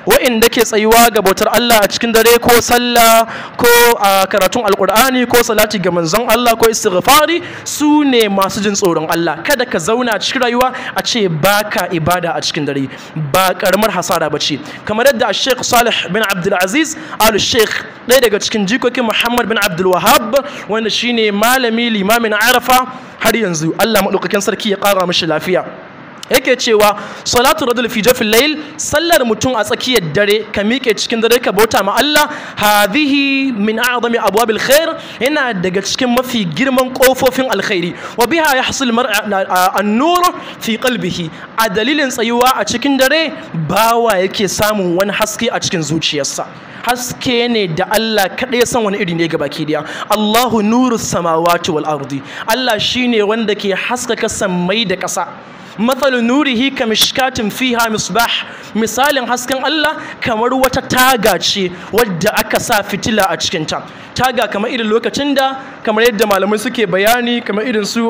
wa'inda ke tsayuwa ga bautar Allah a cikin dare ko sallah ko a karatun alkur'ani ko salati ga manzon Allah ko istighfari su ne masu jin tsoron Allah kada ka zauna a cikin rayuwa a ce baka ibada a cikin dare ba karamar hasara ba ce kamar yadda Sheikh Salih bin Abdul Aziz al Sheikh ɗaya daga cikin jikokin Muhammad bin Abdul Wahab wanda shine malami limamin Arafa har yanzu Allah madaukakin sarki ya kara mishi lafiya yake cewa salatu radul fi jafil layl sallar mutum a tsakiyar dare ka miƙe cikin dare ka bauta ma Allah hadhihi min a'zami abwabil khair yana daga cikin mafi girman kofofin alkhairi wa biha yahsul mar'a an-nur fi qalbihi a dalilin tsayuwa a cikin dare bawa yake samun wani haske a cikin zuciyarsa haske ne da Allah kaɗai san wani iri ne ga baki daya Allahu nuru samawati wal ardi Allah shine wanda ke haskaka sammai da ƙasa mathalu nurihi ka mishkatin fiha misbah misalin hasken Allah kamar wata taga ce wadda aka sa fitila a cikinta taga kamar irin lokacin da kamar yadda malamai suke bayani kamar irin su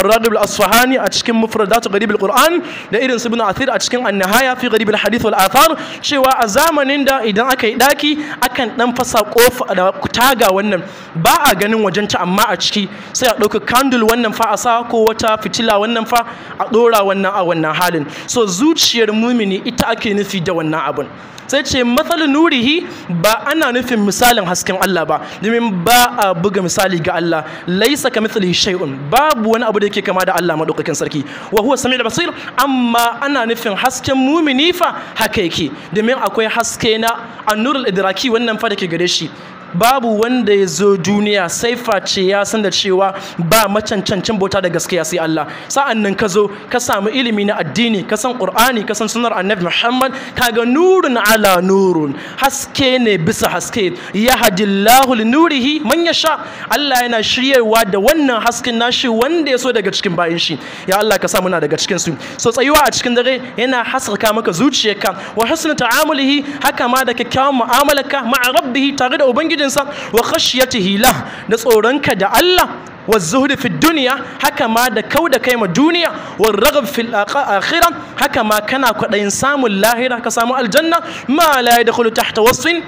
ar-radul asfahani a cikin mufradatu gharibul quran da irin su ibn athir a cikin an-nihaya fi gharibul hadith wal athar cewa a zamanin da idan aka yi daki akan dan fasa kofa da taga wannan ba a ganin wajenta amma a ciki sai a dauka candle wannan fa a sa ko wata fitila wannan fa a dora wannan a wannan halin so zuciyar mumini ita ake nufi da wannan abun sai ce matsalin nurihi ba ana nufin misalin hasken Allah ba domin ba a buga misali ga Allah laisa ka mithlihi shay'un babu wani abu da yake kama da Allah madaukakin sarki wa huwa da basir amma ana nufin hasken mumini fa haka yake domin akwai haske na annurul idraki wannan fa da ke gare shi babu wanda ya zo duniya sai face ya san da cewa ba macancancin bauta da gaskiya sai Allah sa'an nan ka zo ka samu ilimi na addini ka san Qur'ani ka san sunar Annabi Muhammad ka ga nurun ala nurun haske ne bisa haske yahdillahu linurihi man yasha Allah yana shiryarwa da wannan hasken nashi wanda ya so daga cikin bayan shi ya Allah ka sa muna daga cikin su so tsayuwa a cikin dare yana haskaka maka zuciyarka wa husnul ta'amulihi haka ma da kyakkyawan mu'amalarka ma'a rabbihi tare da ubangiji tauhidinsa wa khashyatihi lah da tsoronka da Allah wa zuhdi fi dunya haka ma da kauda kai ma duniya wa raghab fil akhirah haka ma kana kwadayin samun lahira ka samu aljanna ma la yadkhulu tahta wasfin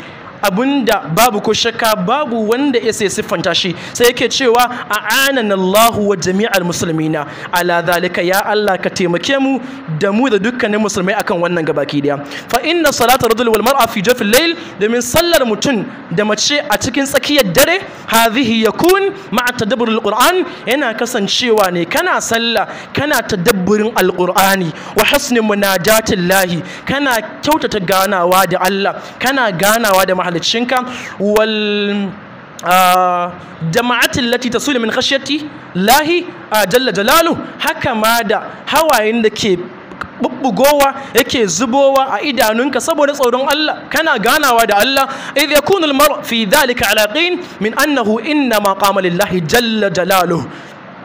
abinda babu ko shakka babu wanda ya sai siffanta shi sai yake cewa a'anana Allahu wa jami'al musulmina ala zalika ya Allah ka taimake mu da mu da dukkanin musulmai akan wannan gabaki daya fa inna salata rajul wal mar'a fi jafil layl domin sallar mutum da mace a cikin tsakiyar dare hadhihi yakun ma'a tadabbur alquran yana kasancewa ne kana sallah kana tadabburin alqurani wa husni munajatillahi kana kyautata ganawa da Allah kana ganawa da mahal mahaliccinka wal ah, jama'atin lati tasulu min khashyati lahi ah, jalla jalalu haka ma da hawayen da ke bubbugowa yake zubowa a idanunka saboda tsoron Allah kana ganawa da Allah idh yakunu al-mar'u fi dhalika ala qin min annahu inna ma qama lillahi jalla jalaluhu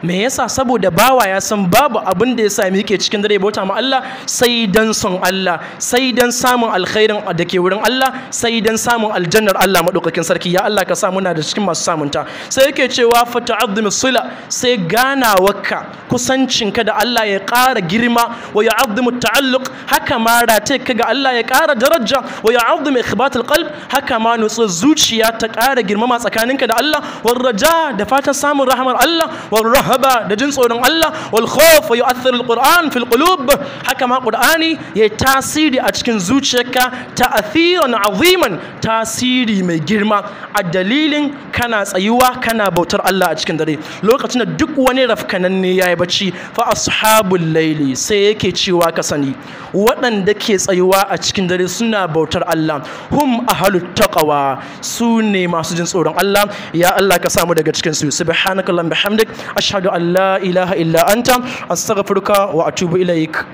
me yasa saboda bawa ya san babu abin da ya sami yake cikin dare bauta ma Allah sai dan son Allah sai dan samun alkhairin da ke wurin Allah sai dan samun aljannar Allah madaukakin sarki ya Allah ka sa muna da cikin masu samunta sai yake cewa fa ta'azzimu sila sai ganawaka kusancinka da Allah ya ƙara girma wa ya'azzimu ta'alluq haka ma rataye ka ga Allah ya ƙara daraja wa ya'azzimu ikhbatul qalb haka ma nutsu zuciya ta ƙara girma tsakaninka da Allah war raja da fatan samun rahmar Allah war rahaba da jin tsoron Allah wal khawf yu'athiru al Qur'an al qulub haka ma Qur'ani ya tasiri a cikin zuciyarka ta'athiran aziman tasiri mai girma a dalilin kana tsayuwa kana bautar Allah a cikin dare lokacin da duk wani rafkananne yayi bacci fa ashabul layli sai yake cewa ka sani waɗanda ke tsayuwa a cikin dare suna bautar Allah hum ahalut taqwa su ne masu jin tsoron Allah ya Allah ka samu daga cikin su subhanakallahumma bihamdik ashhadu ashhadu an la ilaha illa anta astaghfiruka wa atubu ilaik